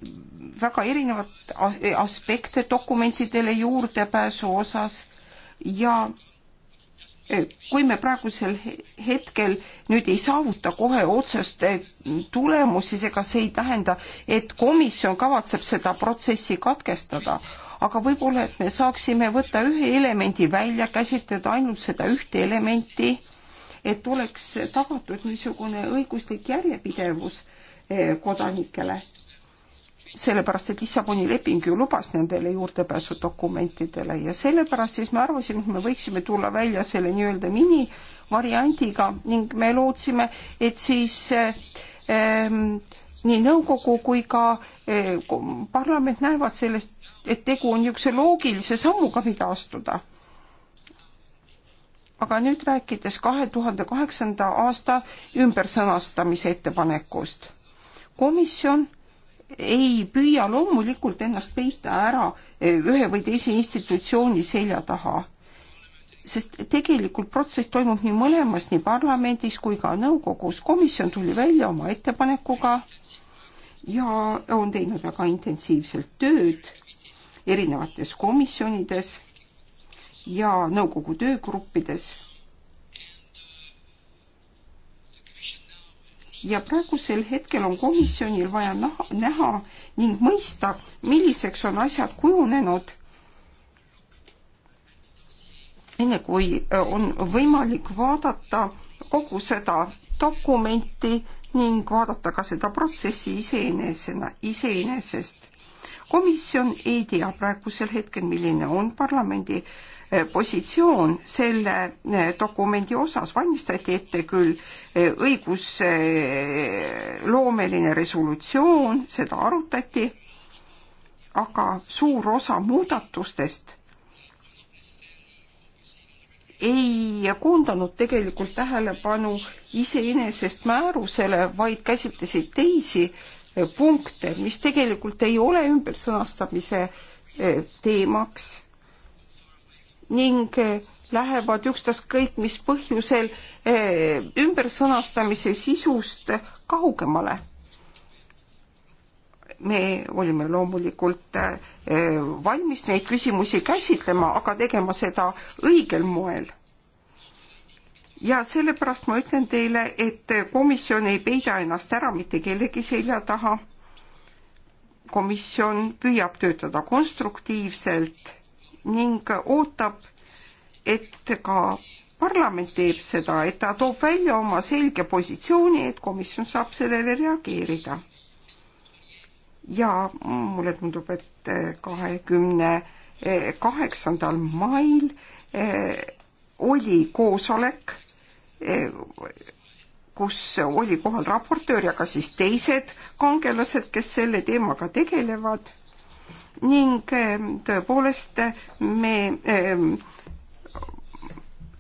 väga erinevat aspekte dokumentidele juurdepääsu osas ja eh, kui me praegusel hetkel nüüd ei saavuta kohe otsest eh, tulemusi, ega see ei tähenda, et komisjon kavatseb seda protsessi katkestada, aga võib-olla, et me saaksime võtta ühe elemendi välja, käsitleda ainult seda ühte elementi, et oleks tagatud niisugune õiguslik järjepidevus E, kodanikele. sellepärast, et Lissaboni leping ju lubas nendele juurdepääsu dokumentidele ja sellepärast siis me arvasime, et me võiksime tulla välja selle nii-öelda minivariandiga ning me lootsime, et siis ähm, nii nõukogu kui ka äh, parlament näevad sellest, et tegu on niisuguse loogilise sammuga, mida astuda aga nüüd rääkides kahe tuhande kaheksanda aasta ümbersõnastamise ettepanekust komisjon ei püüa loomulikult ennast peita ära eh, ühe või teise institutsiooni selja taha, sest tegelikult protsess toimub nii mõlemas, nii parlamendis kui ka nõukogus. komisjon tuli välja oma ettepanekuga ja on teinud väga intensiivselt tööd erinevates komisjonides ja nõukogu töögruppides ja praegusel hetkel on komisjonil vaja naha, näha ning mõista, milliseks on asjad kujunenud, enne kui äh, on võimalik vaadata kogu seda dokumenti ning vaadata ka seda protsessi iseenesena, iseenesest komisjon ei tea praegusel hetkel, milline on parlamendi eh, positsioon selle eh, dokumendi osas valmistati ette küll eh, õigusloomeline resolutsioon, seda arutati, aga suur osa muudatustest ei koondanud tegelikult tähelepanu iseenesest määrusele, vaid käsitlesid teisi äh, Äh, punkte, mis tegelikult ei ole ümbersõnastamise äh, teemaks ning äh, lähevad ükstaskõik mis põhjusel ümbersõnastamise sisust kaugemale. me olime loomulikult valmis neid küsimusi käsitlema, aga tegema seda õigel moel ja sellepärast ma ütlen teile, et komisjon ei peida ennast ära mitte kellegi selja taha. komisjon püüab töötada konstruktiivselt ning ootab, et ka parlament teeb seda, et ta toob välja oma selge positsiooni, et komisjon saab sellele reageerida. ja mulle tundub, et kahekümne kaheksandal mail eh, oli koosolek kus oli kohal raportöör ja ka siis teised kangelased, kes selle teemaga tegelevad. ning ehm, tõepoolest me ehm,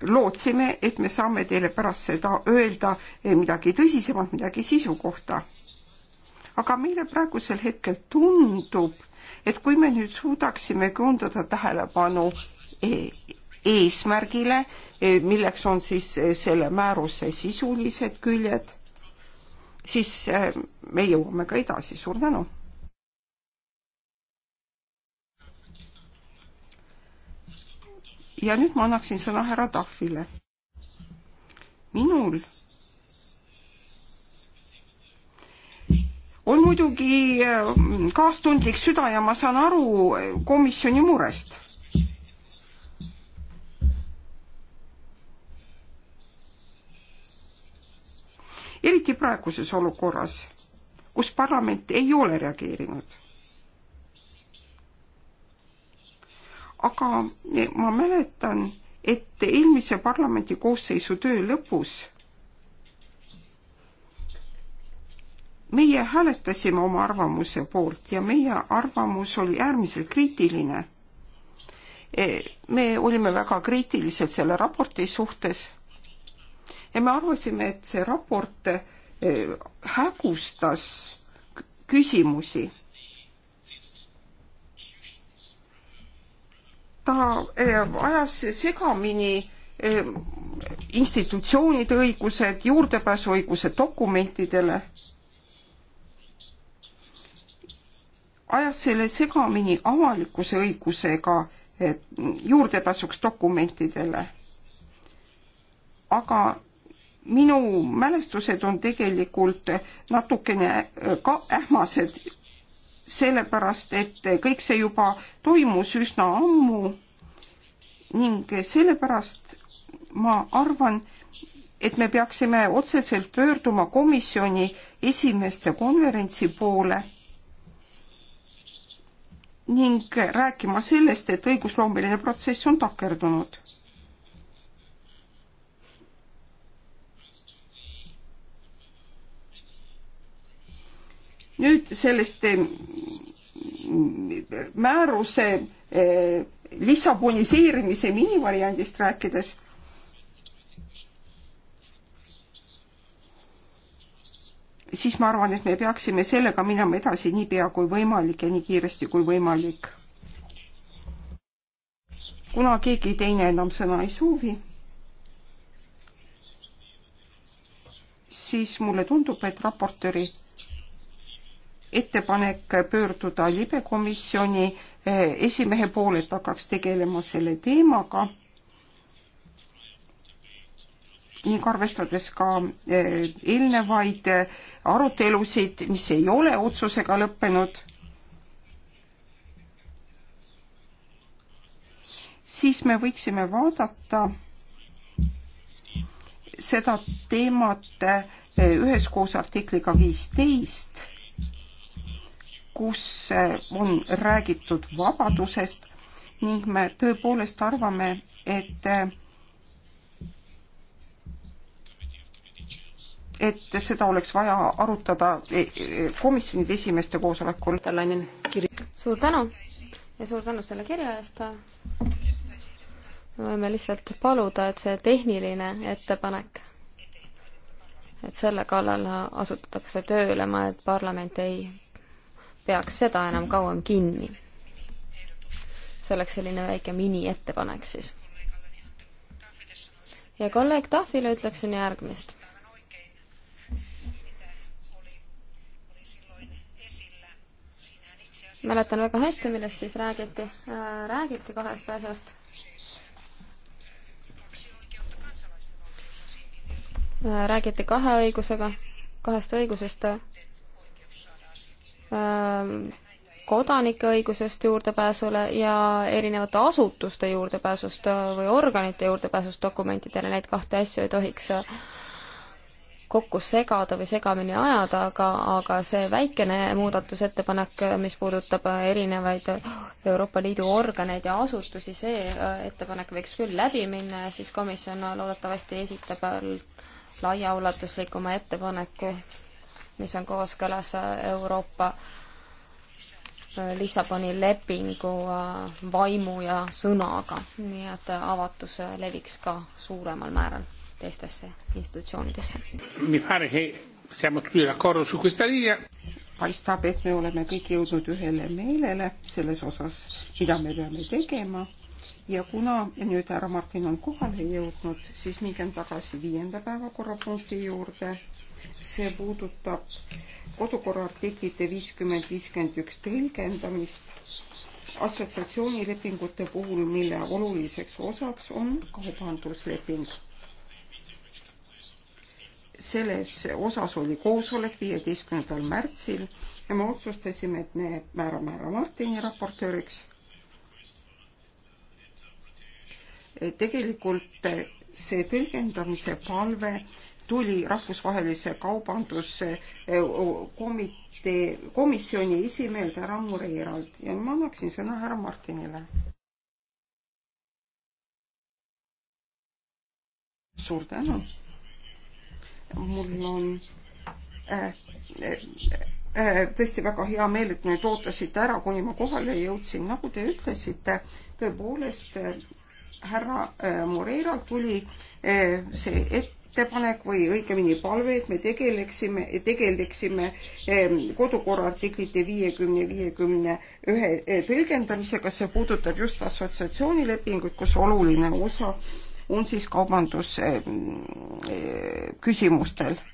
lootsime, et me saame teile pärast seda öelda eh, midagi tõsisemat, midagi sisu kohta. aga meile praegusel hetkel tundub, et kui me nüüd suudaksime koondada tähelepanu eh, eesmärgile, eh, milleks on siis eh, selle määruse sisulised küljed, siis eh, me jõuame ka edasi, suur tänu. ja nüüd ma annaksin sõna härra Tahvile. minul on muidugi kaastundlik süda ja ma saan aru komisjoni murest eriti praeguses olukorras, kus parlament ei ole reageerinud. aga ma mäletan, et eelmise parlamendi koosseisu töö lõpus meie hääletasime oma arvamuse poolt ja meie arvamus oli äärmiselt kriitiline. me olime väga kriitilised selle raporti suhtes ja me arvasime, et see raport eh, hägustas küsimusi. ta eh, ajas segamini eh, institutsioonide õigused, juurdepääsuõigused dokumentidele ajas selle segamini avalikkuse õigusega juurdepääsuks dokumentidele aga minu mälestused on tegelikult natukene äh, ka ähmased, sellepärast et kõik see juba toimus üsna ammu ning sellepärast ma arvan, et me peaksime otseselt pöörduma komisjoni esimeeste konverentsi poole ning rääkima sellest, et õigusloomeline protsess on takerdunud nüüd sellest määruse eh, lissaboniseerimise minivariandist rääkides siis ma arvan, et me peaksime sellega minema edasi niipea kui võimalik ja nii kiiresti kui võimalik. kuna keegi teine enam sõna ei soovi, siis mulle tundub, et raportööri ettepanek pöörduda libekomisjoni eh, esimehe poole, et hakkaks tegelema selle teemaga ning arvestades ka eh, eelnevaid eh, arutelusid, mis ei ole otsusega lõppenud, siis me võiksime vaadata seda teemat üheskoos artikliga viisteist kus eh, on räägitud vabadusest ning me tõepoolest arvame, et eh, et seda oleks vaja arutada eh, komisjonide esimeeste koosolekul. suur tänu ja suur tänu selle kirja eest. me võime lihtsalt paluda, et see tehniline ettepanek, et selle kallal asutatakse tööle, ma, et parlament ei peaks seda enam kauem kinni. see oleks selline väike miniettepanek siis. ja kolleeg Tahvile ütleksin järgmist. mäletan väga hästi, millest siis räägiti, äh, räägiti kahest asjast äh, räägiti kahe õigusega, kahest õigusest Ähm, kodanike õigusest juurdepääsule ja erinevate asutuste juurdepääsust äh, või organite juurdepääsust dokumentidele, neid kahte asju ei tohiks äh, kokku segada või segamini ajada, aga, aga see väikene muudatusettepanek, äh, mis puudutab erinevaid Euroopa Liidu organeid ja asutusi, see ettepanek võiks küll läbi minna ja siis komisjon loodetavasti esitab laiaulatuslikuma ettepaneku mis on kooskõlas äh, Euroopa äh, Lissaboni lepingu äh, vaimu ja sõnaga, nii et avatus leviks ka suuremal määral teistesse institutsioonidesse. paistab, et me oleme kõik jõudnud ühele meelele selles osas, mida me peame tegema ja kuna nüüd härra Martin on kohale jõudnud, siis mingem tagasi viienda päevakorrapunkti juurde see puudutab kodukorra artiklite viiskümmend, viiskümmend üks tõlgendamist assotsiatsioonilepingute puhul, mille oluliseks osaks on kaubandusleping. selles osas oli koosolek viieteistkümnendal märtsil ja me otsustasime, et me määrame härra Martini raportööriks. tegelikult see tõlgendamise palve tuli rahvusvahelise kaubanduskomitee, eh, komisjoni esimehelt härra Mureeralt ja ma annaksin sõna härra Martinile. suur tänu. mul on äh, äh, tõesti väga hea meel, et nüüd ootasite ära, kuni ma kohale jõudsin. nagu te ütlesite, tõepoolest härra Moreiralt tuli see ette ettepanek või õigemini palve, et me tegeleksime, tegeleksime ehm, kodukorra artiklite viiekümne, viiekümne ühe eh, tõlgendamisega, see puudutab just assotsiatsioonilepinguid, kus oluline osa on siis kaubandusküsimustel ehm, eh,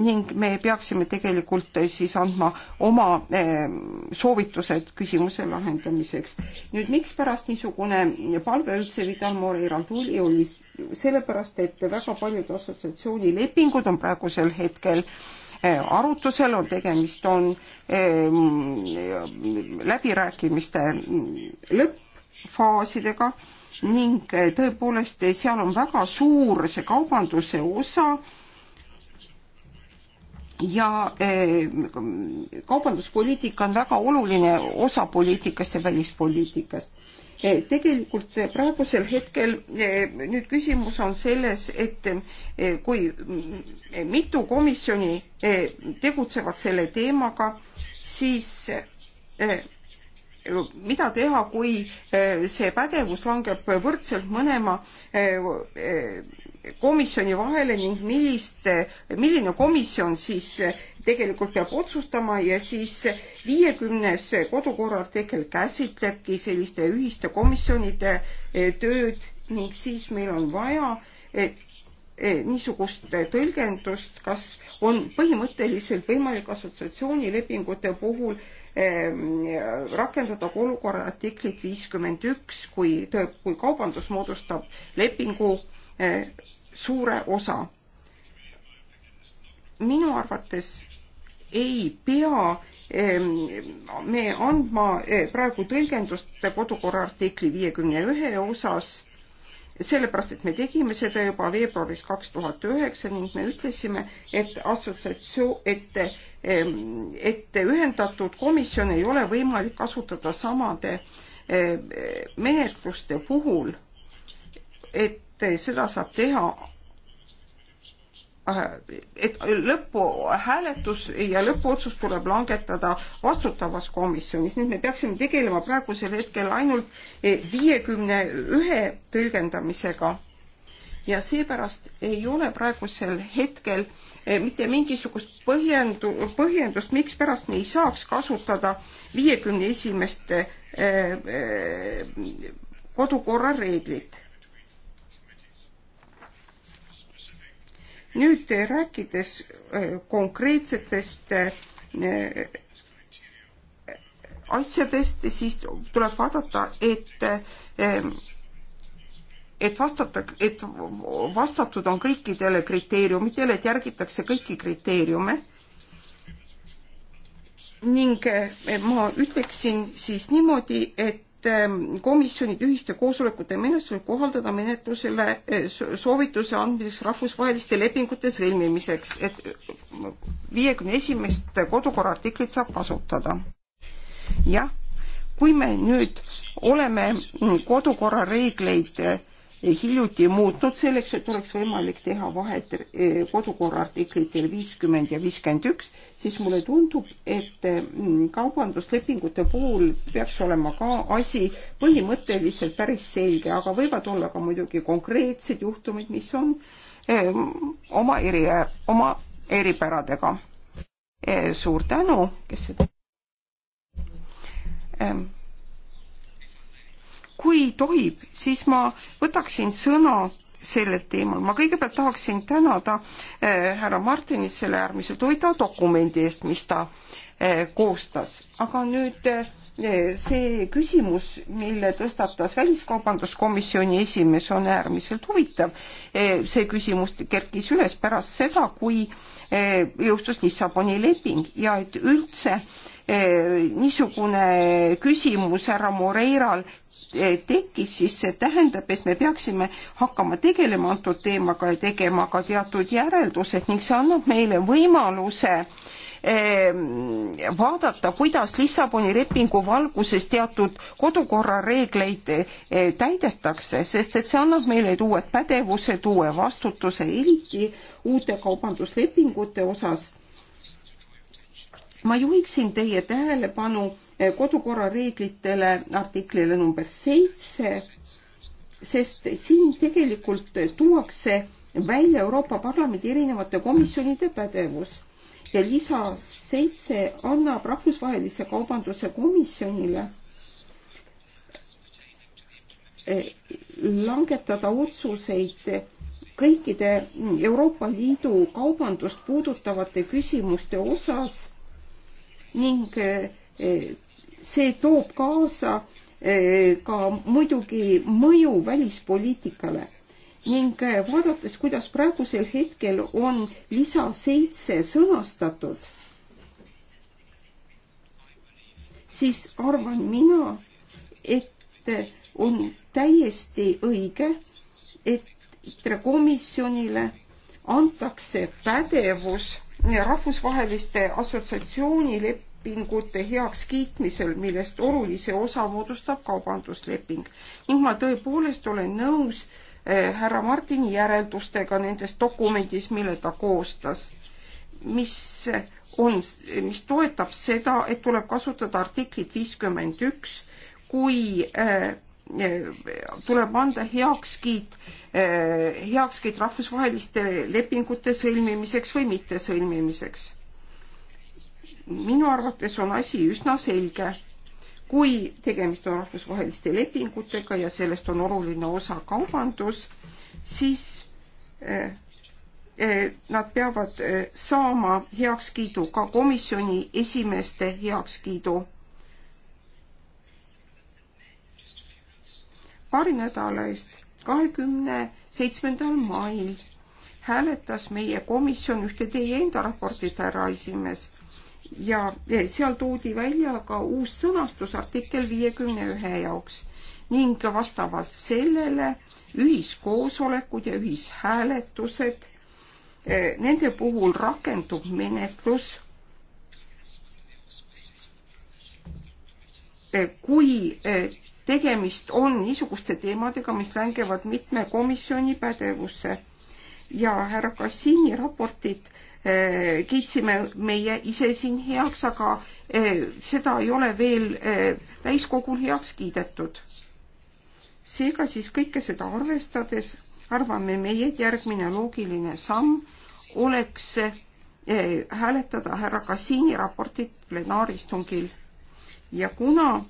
ning me peaksime tegelikult siis andma oma ehm, soovitused küsimuse lahendamiseks. nüüd mikspärast niisugune palve üldse Vidal Moreira tuli, oli sellepärast, et väga paljud assotsiatsioonilepingud on praegusel hetkel äh, arutusel, on tegemist, on äh, läbirääkimiste mm, lõppfaasidega ning äh, tõepoolest seal on väga suur see kaubanduse osa ja kaubanduspoliitika on väga oluline osa poliitikast ja välispoliitikast. Eh, tegelikult eh, praegusel hetkel eh, nüüd küsimus on selles, et kui mm, mitu komisjoni tegutsevad selle teemaga, siis mida teha, kui see pädevus langeb võrdselt mõlema komisjoni vahele ning millist, milline komisjon siis eh, tegelikult peab otsustama ja siis viiekümnes kodukorra artikkel käsitlebki selliste ühiste komisjonide eh, tööd ning siis meil on vaja eh, niisugust tõlgendust, kas on põhimõtteliselt võimalik assotsiatsioonilepingute puhul ehm, rakendada ka olukorra artiklit viiskümmend üks, kui, kui kaubandus moodustab lepingu suure osa. minu arvates ei pea me andma eh, praegu tõlgendust kodukorra artikli viiekümne ühe osas, sellepärast et me tegime seda juba veebruaris kaks tuhat üheksa ning me ütlesime, et assotsiatsioon, et, et ühendatud komisjon ei ole võimalik kasutada samade eh, menetluste puhul, et et seda saab teha äh, et lõpphääletus ja lõpuotsus tuleb langetada vastutavas komisjonis, nii et me peaksime tegelema praegusel hetkel ainult eh, viiekümne ühe tõlgendamisega. ja seepärast ei ole praegusel hetkel eh, mitte mingisugust põhjendu-, põhjendust, mikspärast me ei saaks kasutada viiekümne esimest eh, kodukorra reeglit nüüd eh, rääkides eh, konkreetsetest eh, asjadest, siis tuleb vaadata, et et vastata, et vastatud on kõikidele kriteeriumitele, et järgitakse kõiki kriteeriume. ning ma ütleksin siis niimoodi, et Ehm, komisjonid ühiste koosolekute menetlusel kohaldada menetlusele eh, soovituse andmiseks rahvusvaheliste lepingute sõlmimiseks, et eh, viiekümne esimest kodukorra artiklit saab kasutada. jah, kui me nüüd oleme mm, kodukorra reegleid eh, hiljuti muutnud selleks, et oleks võimalik teha vahet eh, kodukorra artiklitel viiskümmend ja viiskümmend üks, siis mulle tundub, et mm, kaubanduslepingute puhul peaks olema ka asi põhimõtteliselt päris selge, aga võivad olla ka muidugi konkreetsed juhtumid, mis on eh, oma eri, oma eripäradega. Eh, suur tänu, kes seda ähm kui tohib, siis ma võtaksin sõna sellel teemal. ma kõigepealt tahaksin tänada äh, härra Martinit selle äärmiselt huvitava dokumendi eest, mis ta äh, koostas. aga nüüd äh, see küsimus, mille tõstatas Väliskaubanduskomisjoni esimees, on äärmiselt huvitav äh,. see küsimus kerkis üles pärast seda, kui äh, jõustus Lissaboni leping ja et üldse äh, niisugune küsimus härra Moreiral tekkis, siis see tähendab, et me peaksime hakkama tegelema antud teemaga ja tegema ka teatud järeldused ning see annab meile võimaluse ehm, vaadata, kuidas Lissaboni lepingu valguses teatud kodukorra reegleid eh, täidetakse, sest et see annab meile uued pädevused, uue vastutuse, eriti uute kaubanduslepingute osas. ma juhiksin teie tähelepanu kodukorra reeglitele artiklile number seitse, sest siin tegelikult tuuakse välja Euroopa Parlamendi erinevate komisjonide pädevus ja lisa seitse annab Rahvusvahelise Kaubanduse Komisjonile eh, langetada otsuseid kõikide Euroopa Liidu kaubandust puudutavate küsimuste osas ning eh, see toob kaasa eh, ka muidugi mõju välispoliitikale ning eh, vaadates, kuidas praegusel hetkel on lisa seitse sõnastatud, siis arvan mina, et on täiesti õige, et ITRE komisjonile antakse pädevus rahvusvaheliste assotsiatsioonilep-, lepingute heakskiitmisel, millest olulise osa moodustab kaubandusleping ning ma tõepoolest olen nõus eh, härra Martini järeldustega nendes dokumendis, mille ta koostas, mis on, mis toetab seda, et tuleb kasutada artiklit viiskümmend üks, kui äh, tuleb anda heakskiit, heakskiit rahvusvaheliste lepingute sõlmimiseks või mittesõlmimiseks minu arvates on asi üsna selge. kui tegemist on rahvusvaheliste lepingutega ja sellest on oluline osa kaubandus, siis eh, eh, nad peavad eh, saama heakskiidu, ka komisjoni esimeeste heakskiidu. paari nädala eest, kahekümne seitsmendal mail hääletas meie komisjon ühte teie enda raportit, härra esimees ja seal toodi välja ka uus sõnastus artikkel viiekümne ühe jaoks ning vastavalt sellele ühiskoosolekud ja ühishääletused, eh, nende puhul rakendub menetlus, eh, kui eh, tegemist on niisuguste teemadega, mis langevad mitme komisjoni pädevusse ja härra Kassini raportit Eh, kiitsime meie ise siin heaks, aga eh, seda ei ole veel eh, täiskogul heaks kiidetud. seega siis kõike seda arvestades arvame meie, et järgmine loogiline samm oleks hääletada härra Kassiini raportit plenaaristungil. ja kuna,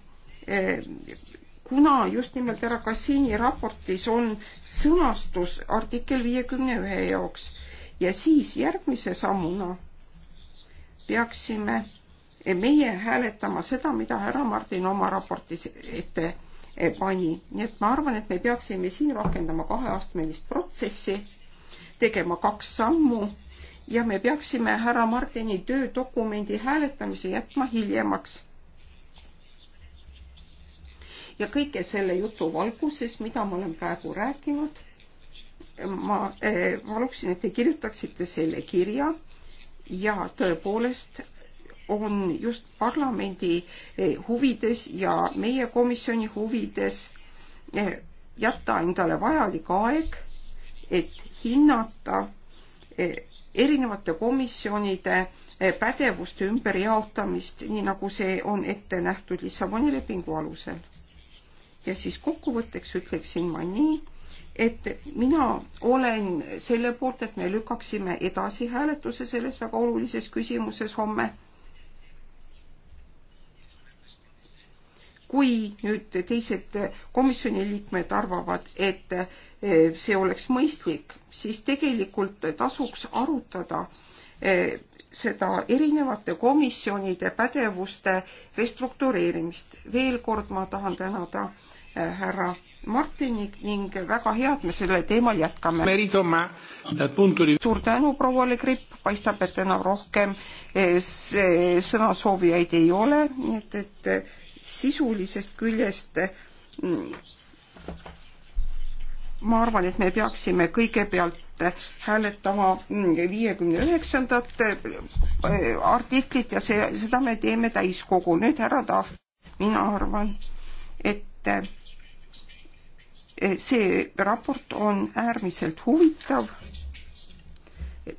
kuna just nimelt härra Kassiini raportis on sõnastus artikkel viiekümne ühe jaoks, ja siis järgmise sammuna peaksime meie hääletama seda, mida härra Martin oma raportis ette pani. nii et ma arvan, et me peaksime siin rakendama kaheastmelist protsessi, tegema kaks sammu ja me peaksime härra Martini töödokumendi hääletamise jätma hiljemaks ja kõige selle jutu valguses, mida ma olen praegu rääkinud, ma eh, paluksin, et te kirjutaksite selle kirja ja tõepoolest on just parlamendi eh, huvides ja meie komisjoni huvides eh, jätta endale vajalik aeg, et hinnata erinevate komisjonide pädevuste ümberjaotamist, nii nagu see on ette nähtud Lissaboni lepingu alusel. ja siis kokkuvõtteks ütleksin ma nii, et mina olen selle poolt, et me lükkaksime edasi hääletuse selles väga olulises küsimuses homme. kui nüüd teised komisjoni liikmed arvavad, et see oleks mõistlik, siis tegelikult tasuks arutada eh, seda erinevate komisjonide pädevuste restruktureerimist. veel kord ma tahan tänada eh, härra Martinik ning väga hea, et me sellel teemal jätkame. suur tänu, proua Le Gripp, paistab, et enam rohkem eh, eh, sõnasoovijaid ei ole, nii et, et eh, sisulisest küljest mm, ma arvan, et me peaksime kõigepealt hääletama mm, viiekümne üheksandat artiklit ja see, seda me teeme täiskogul. nüüd härra Tahv, mina arvan, et see raport on äärmiselt huvitav,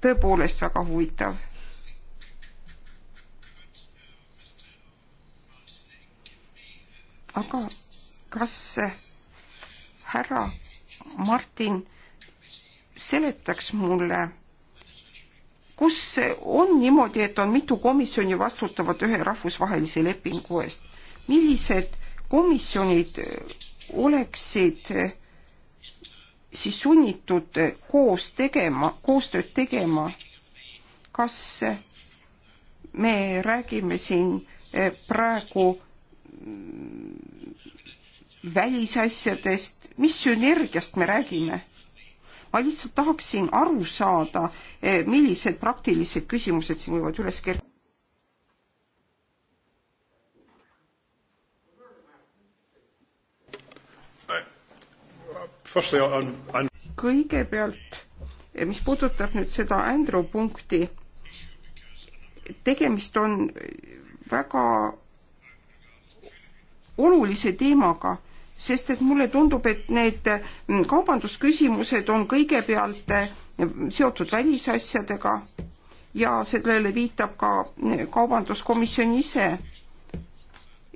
tõepoolest väga huvitav. aga kas härra Martin seletaks mulle, kus on niimoodi, et on mitu komisjoni vastutavad ühe rahvusvahelise lepingu eest, millised komisjonid oleksid siis sunnitud koos tegema, koostööd tegema. kas me räägime siin eh, praegu mm, välisasjadest, mis sünergiast me räägime? ma lihtsalt tahaksin aru saada, eh, millised praktilised küsimused siin võivad üles kerkida. kõigepealt, eh, mis puudutab nüüd seda Andrew punkti, tegemist on väga olulise teemaga, sest et mulle tundub, et need mm, kaubandusküsimused on kõigepealt eh, seotud välisasjadega ja sellele viitab ka mm, kaubanduskomisjon ise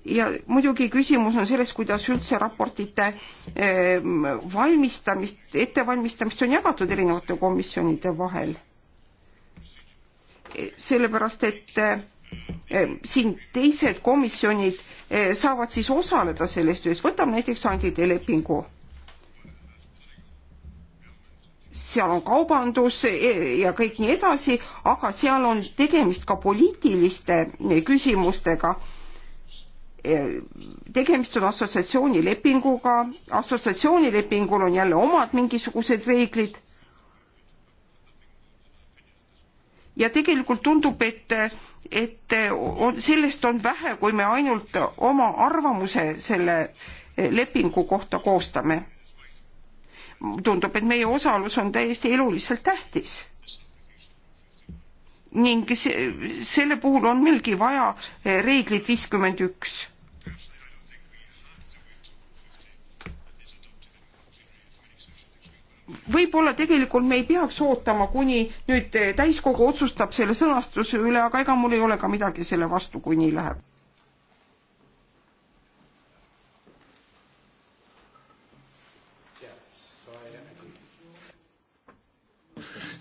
ja muidugi küsimus on selles, kuidas üldse raportite ehm, valmistamist, ettevalmistamist on jagatud erinevate komisjonide vahel. E, sellepärast, et e, siin teised komisjonid e, saavad siis osaleda selles töös, võtame näiteks andide lepingu seal on kaubandus ja kõik nii edasi, aga seal on tegemist ka poliitiliste küsimustega tegemist on assotsiatsioonilepinguga, assotsiatsioonilepingul on jälle omad mingisugused reeglid. ja tegelikult tundub, et, et on, sellest on vähe, kui me ainult oma arvamuse selle lepingu kohta koostame. tundub, et meie osalus on täiesti eluliselt tähtis ning see, selle puhul on meilgi vaja reeglit viiskümmend üks. võib-olla tegelikult me ei peaks ootama, kuni nüüd täiskogu otsustab selle sõnastuse üle, aga ega mul ei ole ka midagi selle vastu, kui nii läheb.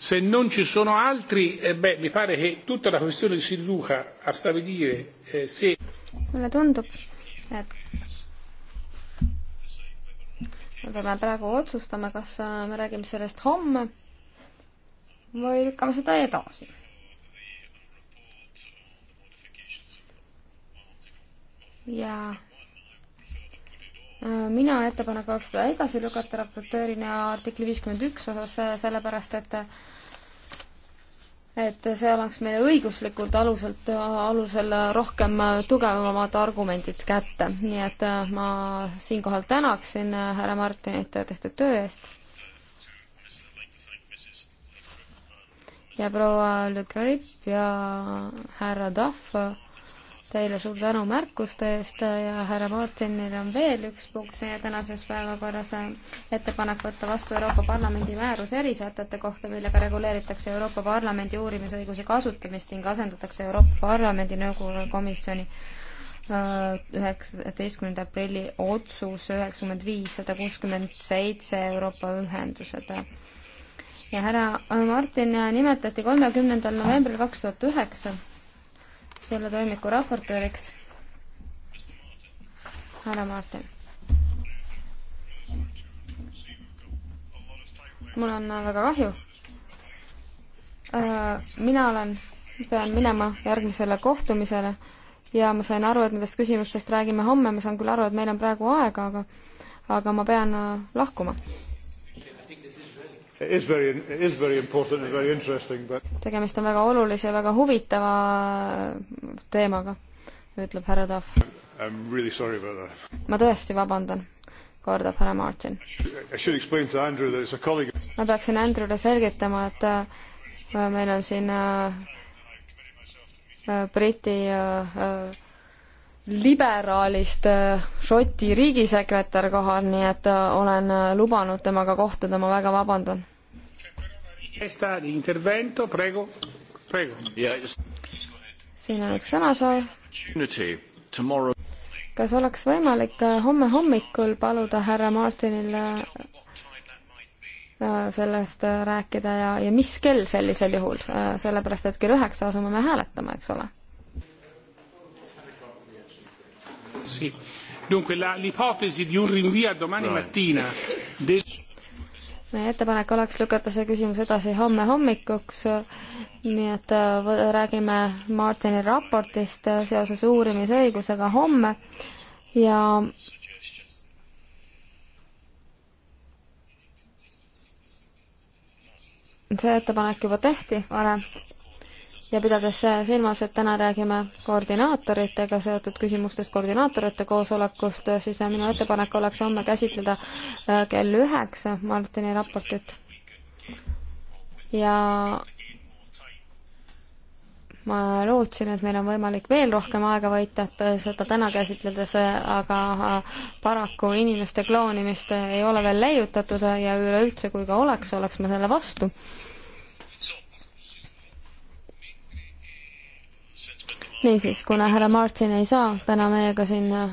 Se non ci sono altri, eh beh, mi pare che tutta la questione si riduca a stabilire eh, se. mulle tundub, et me peame praegu otsustama, kas äh, me räägime sellest homme või lükkame seda edasi. ja äh, mina ettepaneku oleks seda edasi lükata raportöörina artikli viiskümmend üks osas, äh, sellepärast et et see annaks meile õiguslikult aluselt, alusel rohkem tugevamad argumendid kätte. nii et äh, ma siinkohal tänaksin äh, härra Martinit tehtud töö eest. ja proua Le Grip ja härra Tahv teile suur tänu märkuste eest ja härra Martinil on veel üks punkt meie tänases päevakorras, ettepanek võtta vastu Euroopa Parlamendi määrus erisätete kohta, millega reguleeritakse Euroopa Parlamendi uurimisõiguse kasutamist ning asendatakse Euroopa Parlamendi Nõukogu komisjoni äh, üheksateistkümnenda aprilli otsus üheksakümmend viis, sada kuuskümmend seitse Euroopa Ühendused ja härra Martin nimetati kolmekümnendal novembril kaks tuhat üheksa selle toimiku raportööriks härra Martin. mul on äh, väga kahju. Äh, mina olen, pean minema järgmisele kohtumisele ja ma sain aru, et nendest küsimustest räägime homme, ma saan küll aru, et meil on praegu aega, aga aga ma pean äh, lahkuma. Very, very but... tegemist on väga olulise ja väga huvitava teemaga, ütleb härra Tahv. Really ma tõesti vabandan, kordab härra Martin. ma peaksin Andrewle selgitama, et äh, meil on siin äh, äh, Briti liberaalist Šoti riigisekretär kohal, nii et olen lubanud temaga kohtuda, ma väga vabandan siin on üks sõnasoov. kas oleks võimalik äh, homme hommikul paluda härra Martinil äh, äh, sellest rääkida ja, ja mis kell sellisel juhul, sellepärast et kell üheksa asume me hääletama, eks ole? Dunque la, l'ipotesi di un rinvio a domani no. mattina meie ettepanek oleks lükata see küsimus edasi homme hommikuks, nii et äh, räägime Martini raportist äh, seoses uurimisõigusega homme ja see ettepanek juba tehti varem ja pidades silmas, et täna räägime koordinaatoritega seotud küsimustest, koordinaatorite koosolekust, siis minu ettepanek oleks homme käsitleda äh, kell üheksa Martini raportit. ja ma lootsin, et meil on võimalik veel rohkem aega võita, et seda täna käsitledes, aga äh, paraku inimeste kloonimist ei ole veel leiutatud ja üleüldse, kui ka oleks, oleks ma selle vastu niisiis, kuna härra Martin ei saa täna meiega siin äh,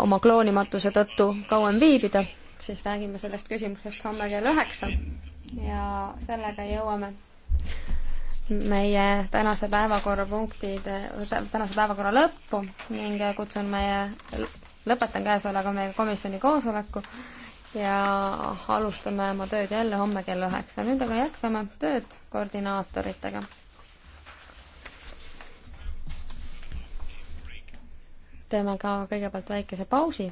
oma kloonimatuse tõttu kauem viibida, siis räägime sellest küsimusest homme kell üheksa ja sellega jõuame meie tänase päevakorrapunktide, tänase päevakorra lõppu ning kutsun meie, lõpetan käesolevaga meie komisjoni koosoleku ja alustame oma tööd jälle homme kell üheksa. nüüd aga jätkame tööd koordinaatoritega teeme ka kõigepealt väikese pausi.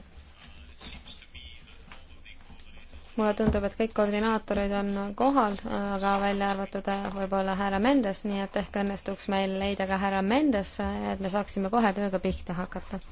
mulle tundub, et kõik koordinaatorid on kohal, aga välja arvatud äh, võib-olla härra Mendes, nii et ehk õnnestuks meil leida ka härra Mendes, et me saaksime kohe tööga pihta hakata